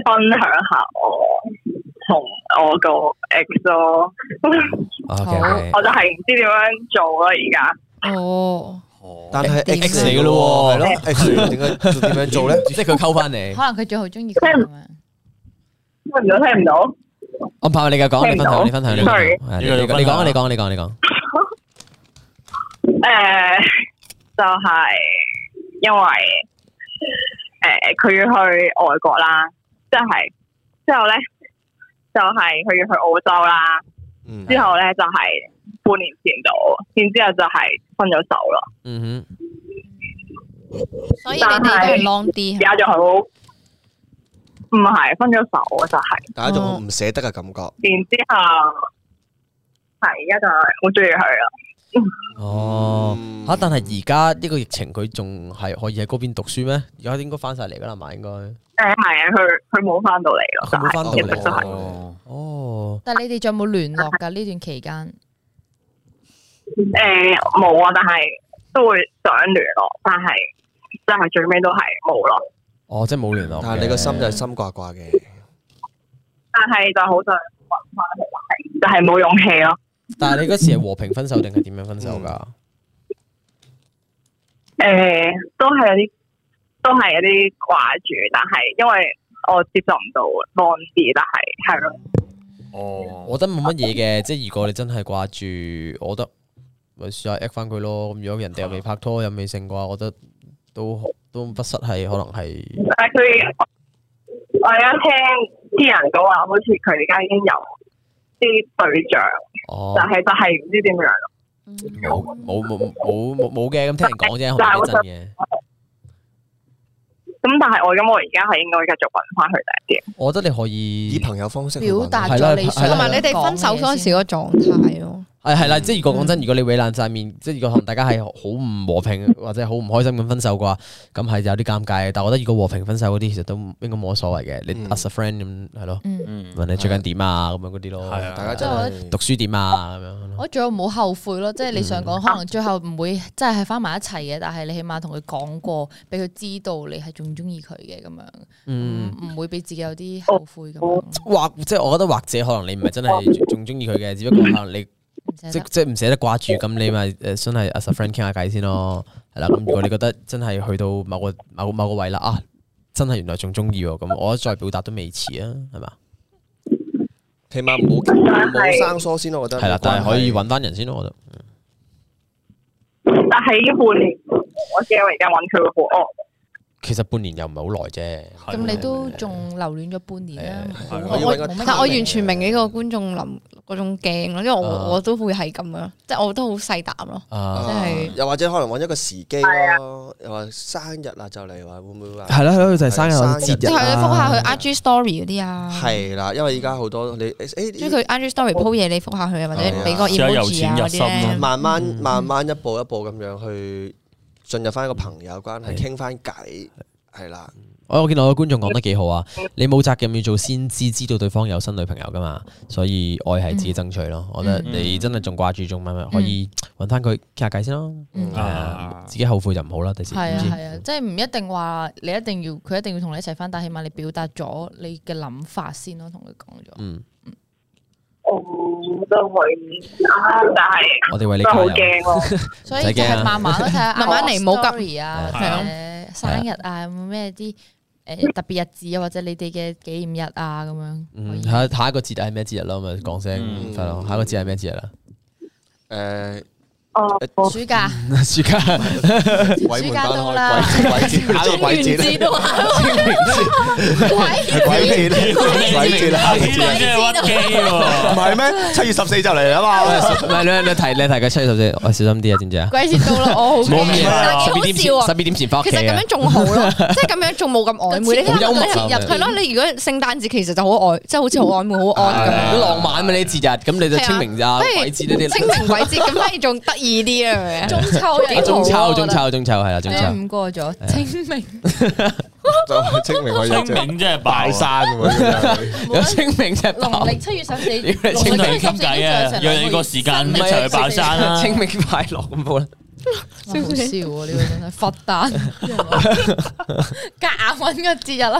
分享下我同我個 ex 咯，Okay, 我就係唔知點樣做咯而家。哦、oh，但係 ex 嚟咯，係咯，點解點樣做咧？ 即係佢溝翻你，可能佢最好中意佢咁樣？聽唔到，聽唔到。我怕你嘅講，你分享，你分享。Sorry，你講， 你講，你講，你講。誒，就係因為誒，佢、uh, 要去外國啦。即係之後咧，就係佢要去澳洲啦。之後咧就係半年前度，然之後就係分咗手啦。嗯哼，所以你哋都係 long 啲，而家就好，唔係分咗手就係，有一種唔捨得嘅感覺。然之後係而家就係好中意佢啦。哦，吓！但係而家呢個疫情，佢仲係可以喺嗰邊讀書咩？而家應該翻晒嚟啦嘛，應該誒係啊，佢佢冇翻到嚟咯，冇翻到嚟哦。哦，但係你哋仲有冇聯絡噶呢段期間？誒，冇啊，呃、但係都會想聯絡，但係但係最尾都係冇咯。哦，即係冇聯絡，嗯，但係你個心就係心掛掛嘅，但係就好想搵翻佢，但係冇勇氣咯。但係你嗰時係和平分手定係點樣分手噶？誒、呃，都係有啲，都係有啲掛住，但係因為我接受唔到 long 啲，但係係咯。哦，我覺得冇乜嘢嘅，啊、即係如果你真係掛住，我覺得咪試下 ack 翻佢咯。咁如果人哋又未拍拖又未成嘅話，我覺得都都不失係可能係。但係佢，我而家聽啲人講話，好似佢而家已經有。啲對象，但係就係唔知點樣咯、哦嗯，冇冇冇冇冇嘅，咁聽人講啫，好真嘅。咁但係我咁，我而家係應該繼續搵翻佢第一啲。我覺得你可以以朋友方式表達咗你想同埋你哋分手嗰時嗰狀態哦。係係啦，即係如果講真，如果你毀爛晒面，即係如果可能大家係好唔和平或者好唔開心咁分手嘅話，咁係有啲尷尬。但我覺得如果和平分手嗰啲，其實都應該冇乜所謂嘅。你 ask friend 咁係咯，問你最近點啊咁樣嗰啲咯。大家即係話讀書點啊咁樣。我最要唔好後悔咯，即係你想講，可能最後唔會真係翻埋一齊嘅，但係你起碼同佢講過，俾佢知道你係仲中意佢嘅咁樣，唔唔會俾自己有啲後悔咁。或即係我覺得，或者可能你唔係真係仲中意佢嘅，只不過可能你。即即唔捨得掛住，咁你咪誒，先係阿十 friend 傾下偈先咯，係啦。咁如果你覺得真係去到某個某個某個位啦，啊，真係原來仲中意，咁我再表達都未遲啊，係嘛？起碼冇冇生疏先，是我覺得係啦，但係可以搵返人先咯，我覺得。但係半年，我我而家搵佢其實半年又唔係好耐啫，咁你都仲留戀咗半年啊！但我完全明呢個觀眾諗嗰種驚咯，因為我我都會係咁樣，即係我都好細膽咯，即係又或者可能揾一個時機咯，又話生日啊就嚟話會唔會話？係咯係咯，就係生日好節日即係你覆下去 IG story 嗰啲啊。係啦，因為依家好多你誒，佢 IG story 鋪嘢，你覆下去或者俾個 emoji 嗰啲咧，慢慢慢慢一步一步咁樣去。進入翻一個朋友關係傾翻偈，係啦。我我見到個觀眾講得幾好啊！你冇責任要做先知，知道對方有新女朋友噶嘛？所以愛係自己爭取咯。嗯、我覺得你真係仲掛住，仲咪咪可以揾翻佢傾下偈先咯。嗯嗯、自己後悔就唔好啦。第時係啊，係啊的，即係唔一定話你一定要佢一定要同你一齊翻，但係起碼你表達咗你嘅諗法先咯，同佢講咗。嗯嗯、都可以啊，但係都好驚、啊， 所以、啊、就慢慢咯，慢慢嚟，唔好急啊！啊生日啊，有冇咩啲誒特別日子啊，或者你哋嘅紀念日啊，咁樣嗯，下下一個節係咩節日咯、啊？咪講聲快樂。下一個節係咩節日啦、啊？誒、嗯。呃暑假，暑假，暑假都啦，鬼節，鬼節鬼節鬼節鬼節。唔係咩？七月十四就嚟啦嘛，唔係你你提你提嘅七月十四，小心啲啊，知唔知啊？鬼節到啦，我好驚，十二點十二點前翻屋企其實咁樣仲好啦，即係咁樣仲冇咁曖昧。你睇下節日，係咯？你如果聖誕節其實就好曖昧，即係好似好曖昧好曖昧咁，浪漫嘛呢節日，咁你就清明咋？鬼節呢啲清明鬼節咁反而仲得意。易啲啊！中秋啊，中秋，中秋，中秋係啊，中秋。五過咗，清明，清明，清明即係拜山。有清明就農曆七月十四。清明咁計啊，約你個時間一齊去拜山啦！清明快樂咁好啦。笑你真係發誕，夾硬搵個節日咯。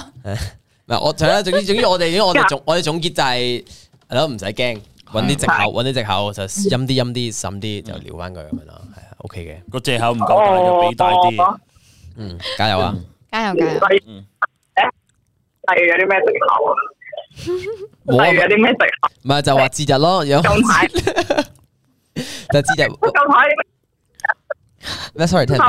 嗱，我睇下，總之總之我哋，我哋總我哋總結就係，係咯，唔使驚。揾啲藉口，揾啲藉口，就陰啲陰啲，深啲就撩翻佢咁樣咯，係啊，OK 嘅。個藉口唔夠大就俾大啲，嗯，加油啊！加油加油！誒，例如有啲咩藉口啊？例如有啲咩藉口？唔係就話節日咯，有。中秋。那節日。中秋。那 sorry，中秋。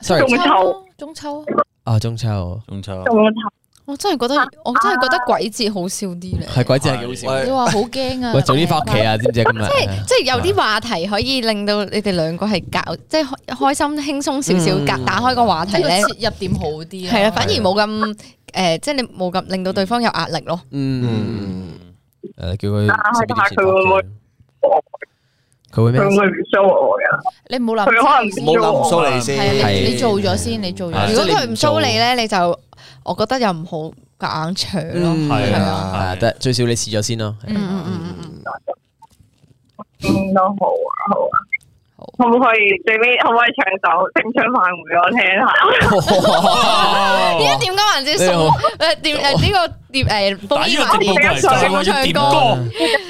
sorry，中秋。中秋。中秋。我真係覺得，我真係覺得鬼節好笑啲咧。係鬼節係幾好笑。你話好驚啊！喂，早啲翻屋企啊，知唔知咁啦？即係即係有啲話題可以令到你哋兩個係夾，即係開心輕鬆少少夾，打開個話題咧。切入點好啲係啦，反而冇咁誒，即係你冇咁令到對方有壓力咯。嗯，誒，叫佢點先講？佢會咩？佢唔蘇我噶、啊啊，你唔好諗，唔好諗蘇你先，你做咗先，你做咗。如果佢唔蘇你咧，的你就，我覺得又唔好夾硬搶咯。係啊，得最少你試咗先咯，嗯嗯嗯。嗯嗯嗯嗯。都好好啊。嗯 可唔可以最尾可唔可以唱首青春快活畀我聽，聽下？哇 點解點解唔知數？誒、呃，點誒呢、呃這個碟誒？呃、但係呢個、啊、歌，歌，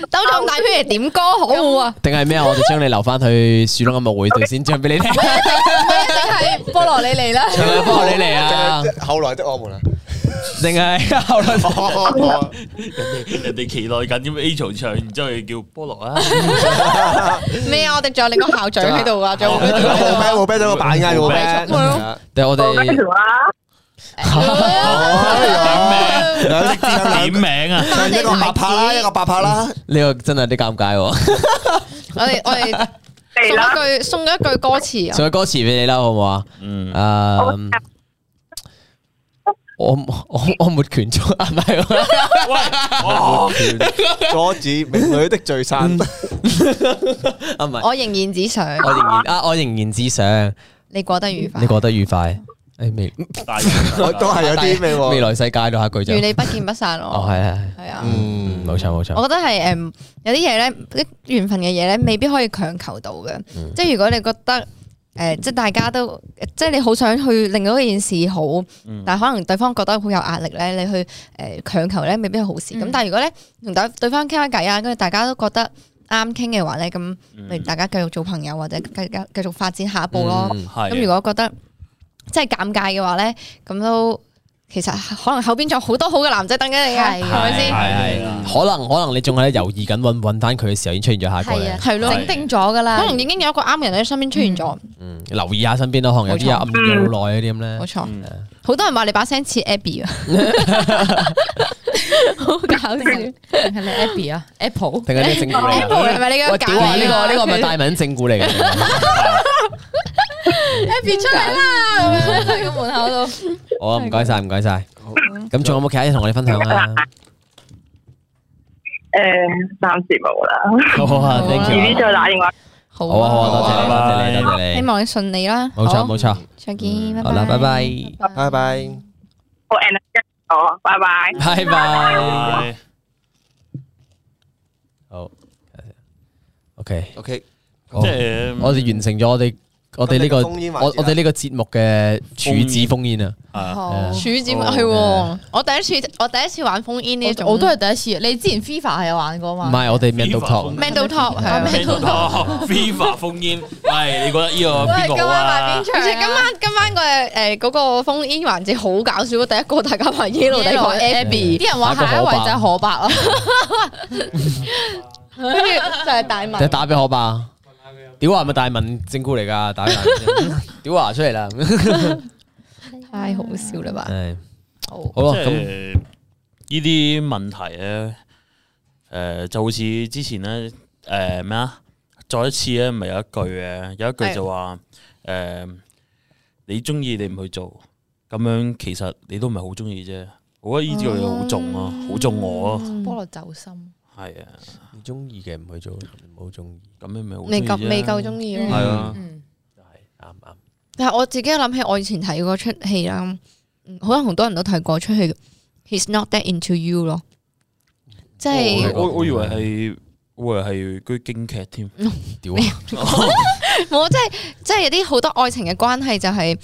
兜咗咁大圈嚟點歌好啊？定係咩啊？我哋將你留翻去樹窿嘅音樂會度先唱俾你聽。定係菠蘿你嚟啦？唱菠蘿你嚟啊！後來的我們啊！定係人哋人哋期待緊咁 A 重唱，然之後叫菠蘿啊？咩啊？我哋仲有另一個校嘴喺度啊，仲有我俾咗個板眼，我俾出佢咯。但係我哋點名啊？唱一個八拍，一個八拍啦。呢個真係有啲尷尬。我哋我哋送一句送一句歌詞，送句歌詞俾你啦，好唔好啊？嗯，誒。我我我沒權做阿咪，我阻止名女的聚散，阿咪，我仍然只想，我仍然啊，我仍然只想你過得愉快，你過得愉快，未，都係有啲未未來世界多一句就願你不見不散咯，係係係，係啊，嗯，冇錯冇錯，我覺得係誒，有啲嘢咧，啲緣分嘅嘢咧，未必可以強求到嘅，即係如果你覺得。誒、呃，即係大家都，即係你好想去令到一件事好，嗯、但係可能對方覺得好有壓力咧，你去誒、呃、強求咧，未必係好事。咁、嗯、但係如果咧同對對方傾下偈啊，跟住大家都覺得啱傾嘅話咧，咁例如大家繼續做朋友或者繼續繼續發展下一步咯。咁、嗯、如果覺得即係尷尬嘅話咧，咁都。其實可能後邊仲有好多好嘅男仔等緊你嘅，係咪先？係可能可能你仲喺猶豫緊，揾揾翻佢嘅時候，已經出現咗下一個人，係咯，整定咗噶啦。可能已經有一個啱嘅人喺身邊出現咗。嗯，留意下身邊都可能有啲暗戀好耐嗰啲咁咧。冇錯，好多人話你把聲似 Abby 啊，好搞笑。係你 Abby 啊？Apple 定係你正？Apple 係咪你個？啊？呢個呢個唔係大文整蠱嚟嘅。Happy 出嚟啦！咁樣喺個門口度。好，唔該晒，唔該晒。咁仲有冇其他嘢同我哋分享啊？誒，暫時冇啦。好啊，thank you。B B 再打電話。好，好啊，多謝你，多謝你，希望你順利啦。冇錯，冇錯。再見，好啦，拜拜，拜拜。好，好，拜拜。好，拜拜。好，OK，OK。即係我哋完成咗我哋。我哋呢個我哋呢個節目嘅處子封煙啊，處子係我第一次我第一次玩封煙呢種，我都係第一次。你之前 FIFA 係有玩過嘛？唔係我哋 Mental talk Mental talk 係 Mental talk，FIFA 封煙係你覺得呢個？而且今晚今晚個誒嗰個封煙環節好搞笑，第一個大家玩 yellow，第二個 Abby，啲人話下一位就係可伯跟住就係大白，就係達標屌話咪大文正姑嚟噶，打啲屌話出嚟啦，太好笑啦吧？哎、好咯，咁呢啲問題咧，誒、呃、就好似之前咧，誒咩啊？再一次咧，唔係有一句嘅，有一句就話，誒、哎呃、你中意你唔去做，咁樣其實你都唔係好中意啫。我覺得呢啲話好重啊，好、嗯、重我啊，菠蘿、嗯、走心。係啊，你中意嘅唔去做，唔好中意。咁樣咪未夠未夠中意咯。係啊，就係啱啱？嗯、對但係我自己諗起我以前睇嗰出戲啦，可能好多人都睇過出戲，He's Not That Into You 咯。即係、哦、我我以為係，我以為係嗰啲驚劇添。屌，我即係即係有啲好多愛情嘅關係，就係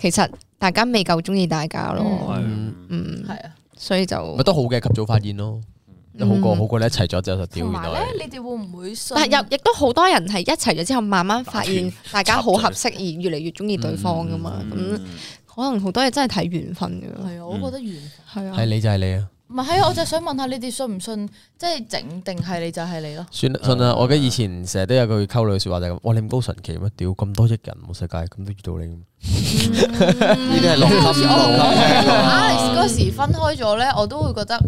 其實大家未夠中意大家咯。Sisters, 嗯，係、um, 啊所，所以就覺得好嘅，及早發現咯。好過好過你一齊咗之後就屌完。同埋咧，你哋會唔會信？但係又亦都好多人係一齊咗之後，慢慢發現大家好合適，而越嚟越中意對方噶嘛。咁可能好多嘢真係睇緣分噶。係啊，我覺得緣係啊。係你就係你啊。唔係，我就想問下你哋信唔信？即係整定係你就係你咯。算啦，信啦。我記得以前成日都有句溝女嘅說話就係我哇，你咁高神奇咩？屌咁多億人冇世界，咁都遇到你。呢啲係六親不認。啊，嗰時分開咗咧，我都會覺得。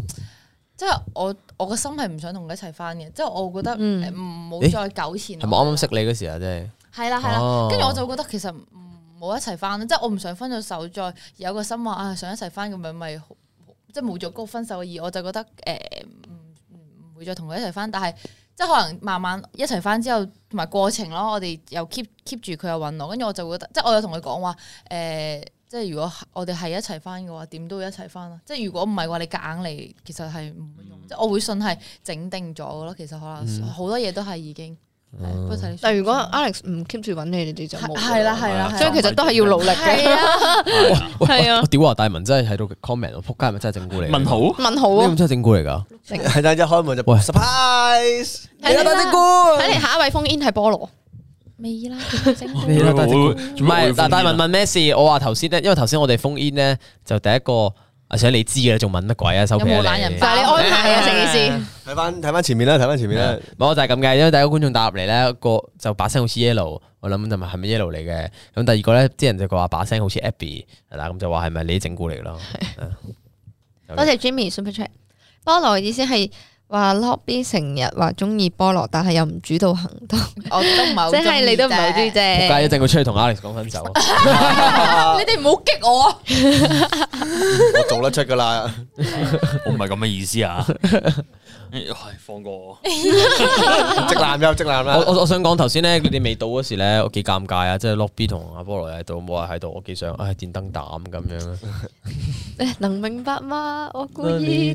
即係我我個心係唔想同佢一齊翻嘅，即係我覺得唔好再糾纏。係咪啱啱識你嗰時候，真係啦係啦，跟住噢我就覺得其實唔好一齊翻，即係我唔想分咗手再有個心話啊想一齊翻咁樣咪，即係冇咗嗰分手嘅意，我就覺得誒唔會再同佢一齊翻。但係即係可能慢慢一齊翻之後，同埋過程咯，我哋又 keep keep 住佢又搵我，跟住我就覺得，即係我有同佢講話誒。即係如果我哋係一齊翻嘅話，點都會一齊翻啊！即係如果唔係話你夾硬嚟，其實係唔會用。即係我會信係整定咗咯。其實可能好多嘢都係已經。嗯、如但如果 Alex 唔 keep 住揾你，你哋就冇。係啦係啦，所以其實都係要努力嘅。係啊的！屌啊的！ 大文真係喺度 comment，我撲街咪真係整蠱你？問好，問好，啊！咩咁出整蠱嚟㗎？係但一開門就、呃、surprise，睇嚟下一位封 in 係菠蘿。未啦，仲整，唔係，嗱，戴文問咩事？我話頭先咧，因為頭先我哋封煙咧，就第一個，而、啊、且你知嘅，仲問乜鬼啊？收皮啊你安排啊？成件、欸、事。睇翻睇翻前面啦，睇翻前面啦，冇、嗯、就係咁嘅，因為第一個觀眾答入嚟咧，個就把聲好似 yellow，我諗就咪係咪 yellow 嚟嘅。咁第二個咧，啲人就話把聲好似 Abby，嗱咁就話係咪你整蠱嚟咯？多的、嗯、謝，謝 Jimmy Super Chat，菠蘿嘅意思係。話洛 B 成日話中意菠蘿，但係又唔主動行動，即係你都唔知啫。點解一陣會出去同 Alex 講分手？ 你哋唔好激我， 我做得出噶啦。我唔係咁嘅意思啊。哎放過我，直男又直男啦。我我想講頭先咧，佢哋未到嗰時咧，我幾尷尬啊！即係洛 B 同阿菠蘿喺度，冇話喺度，我幾想唉電燈膽咁樣。能明白嗎？我故意。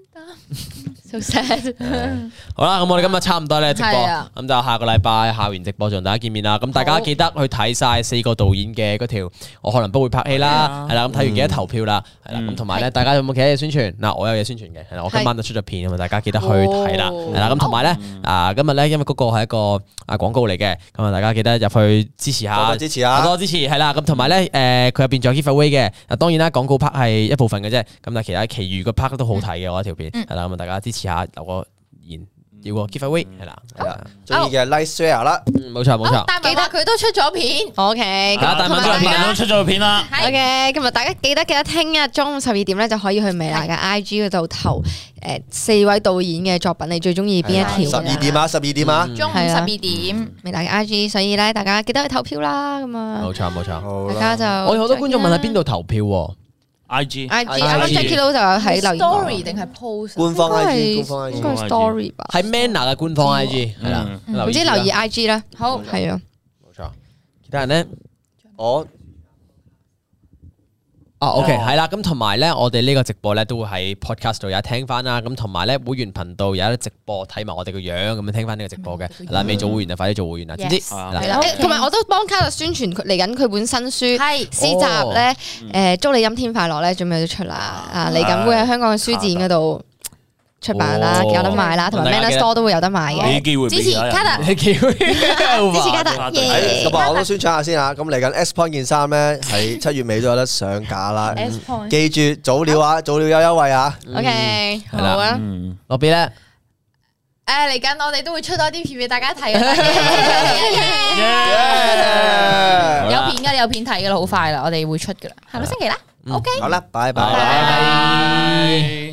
好啦，咁我哋今日差唔多咧直播，咁就是、啊、下個禮拜下完直播就同大家見面啦。咁好大家記得去睇晒四個導演嘅嗰條，我可能不會拍戲啦，係啦，咁睇、啊啊、完記得投票啦，係啦、嗯，咁同埋咧，呢是大家有冇其他嘢宣傳？嗱、啊，我有嘢宣傳嘅，係啦、啊，我今晚就出咗片，咁大家記得去睇啦，係啦是，咁同埋咧，啊，今日咧因為嗰個係一個啊廣告嚟嘅，咁啊大家記得入去支持下，支持、啊、多、多支持，係啦、啊，咁同埋咧，誒，佢入邊仲有 Giveaway 嘅，啊，當然啦，廣告 part 係一部分嘅啫，咁但係其他其餘個 part 都好睇嘅，我條片。係啦，咁啊，大家支持下留個言，叫個 giveaway 係啦，係啦，中意嘅 like share 啦，冇錯冇錯。記得佢都出咗片，OK。啊，大文都出咗片啦。OK，今日大家記得記得聽日中午十二點咧就可以去微辣嘅 IG 嗰度投誒四位導演嘅作品，你最中意邊一條？十二點啊，十二點啊，中午十二點，微辣嘅 IG，所以咧大家記得去投票啦，咁啊，冇錯冇錯，大家就我有好多觀眾問喺邊度投票。I G，i g a c k i e 老就有喺 story 定係 post，官方都應該係 story 吧，係 Manner 嘅官方 I G，係啦，唔知留意 I G 啦，好係啊，冇錯，其他人咧我。哦 OK 係啦，咁同埋咧，我哋呢個直播咧都會喺 Podcast 度有聽翻啦，咁同埋咧會員頻道有一直播睇埋我哋個樣，咁樣聽翻呢個直播嘅。嗱，未做會員就快啲做會員啦，知唔知？同埋我都幫卡特宣傳佢嚟緊佢本新書係詩集咧，誒，祝你陰天快樂咧，準備都出啦，啊，嚟緊會喺香港嘅書展嗰度。出版啦，有得賣啦，同埋 Manner Store 都會有得賣嘅。支持卡特，支持卡特，咁啊，我都宣傳下先吓。咁嚟緊 S Point 件衫咧，喺七月尾都有得上架啦。S Point，記住早料啊，早料有優惠啊。OK，好啊，落邊呢。誒，嚟緊我哋都會出多啲片俾大家睇嘅。有片噶，你有片睇噶啦，好快啦，我哋會出噶啦，下個星期啦。OK，好啦，拜拜。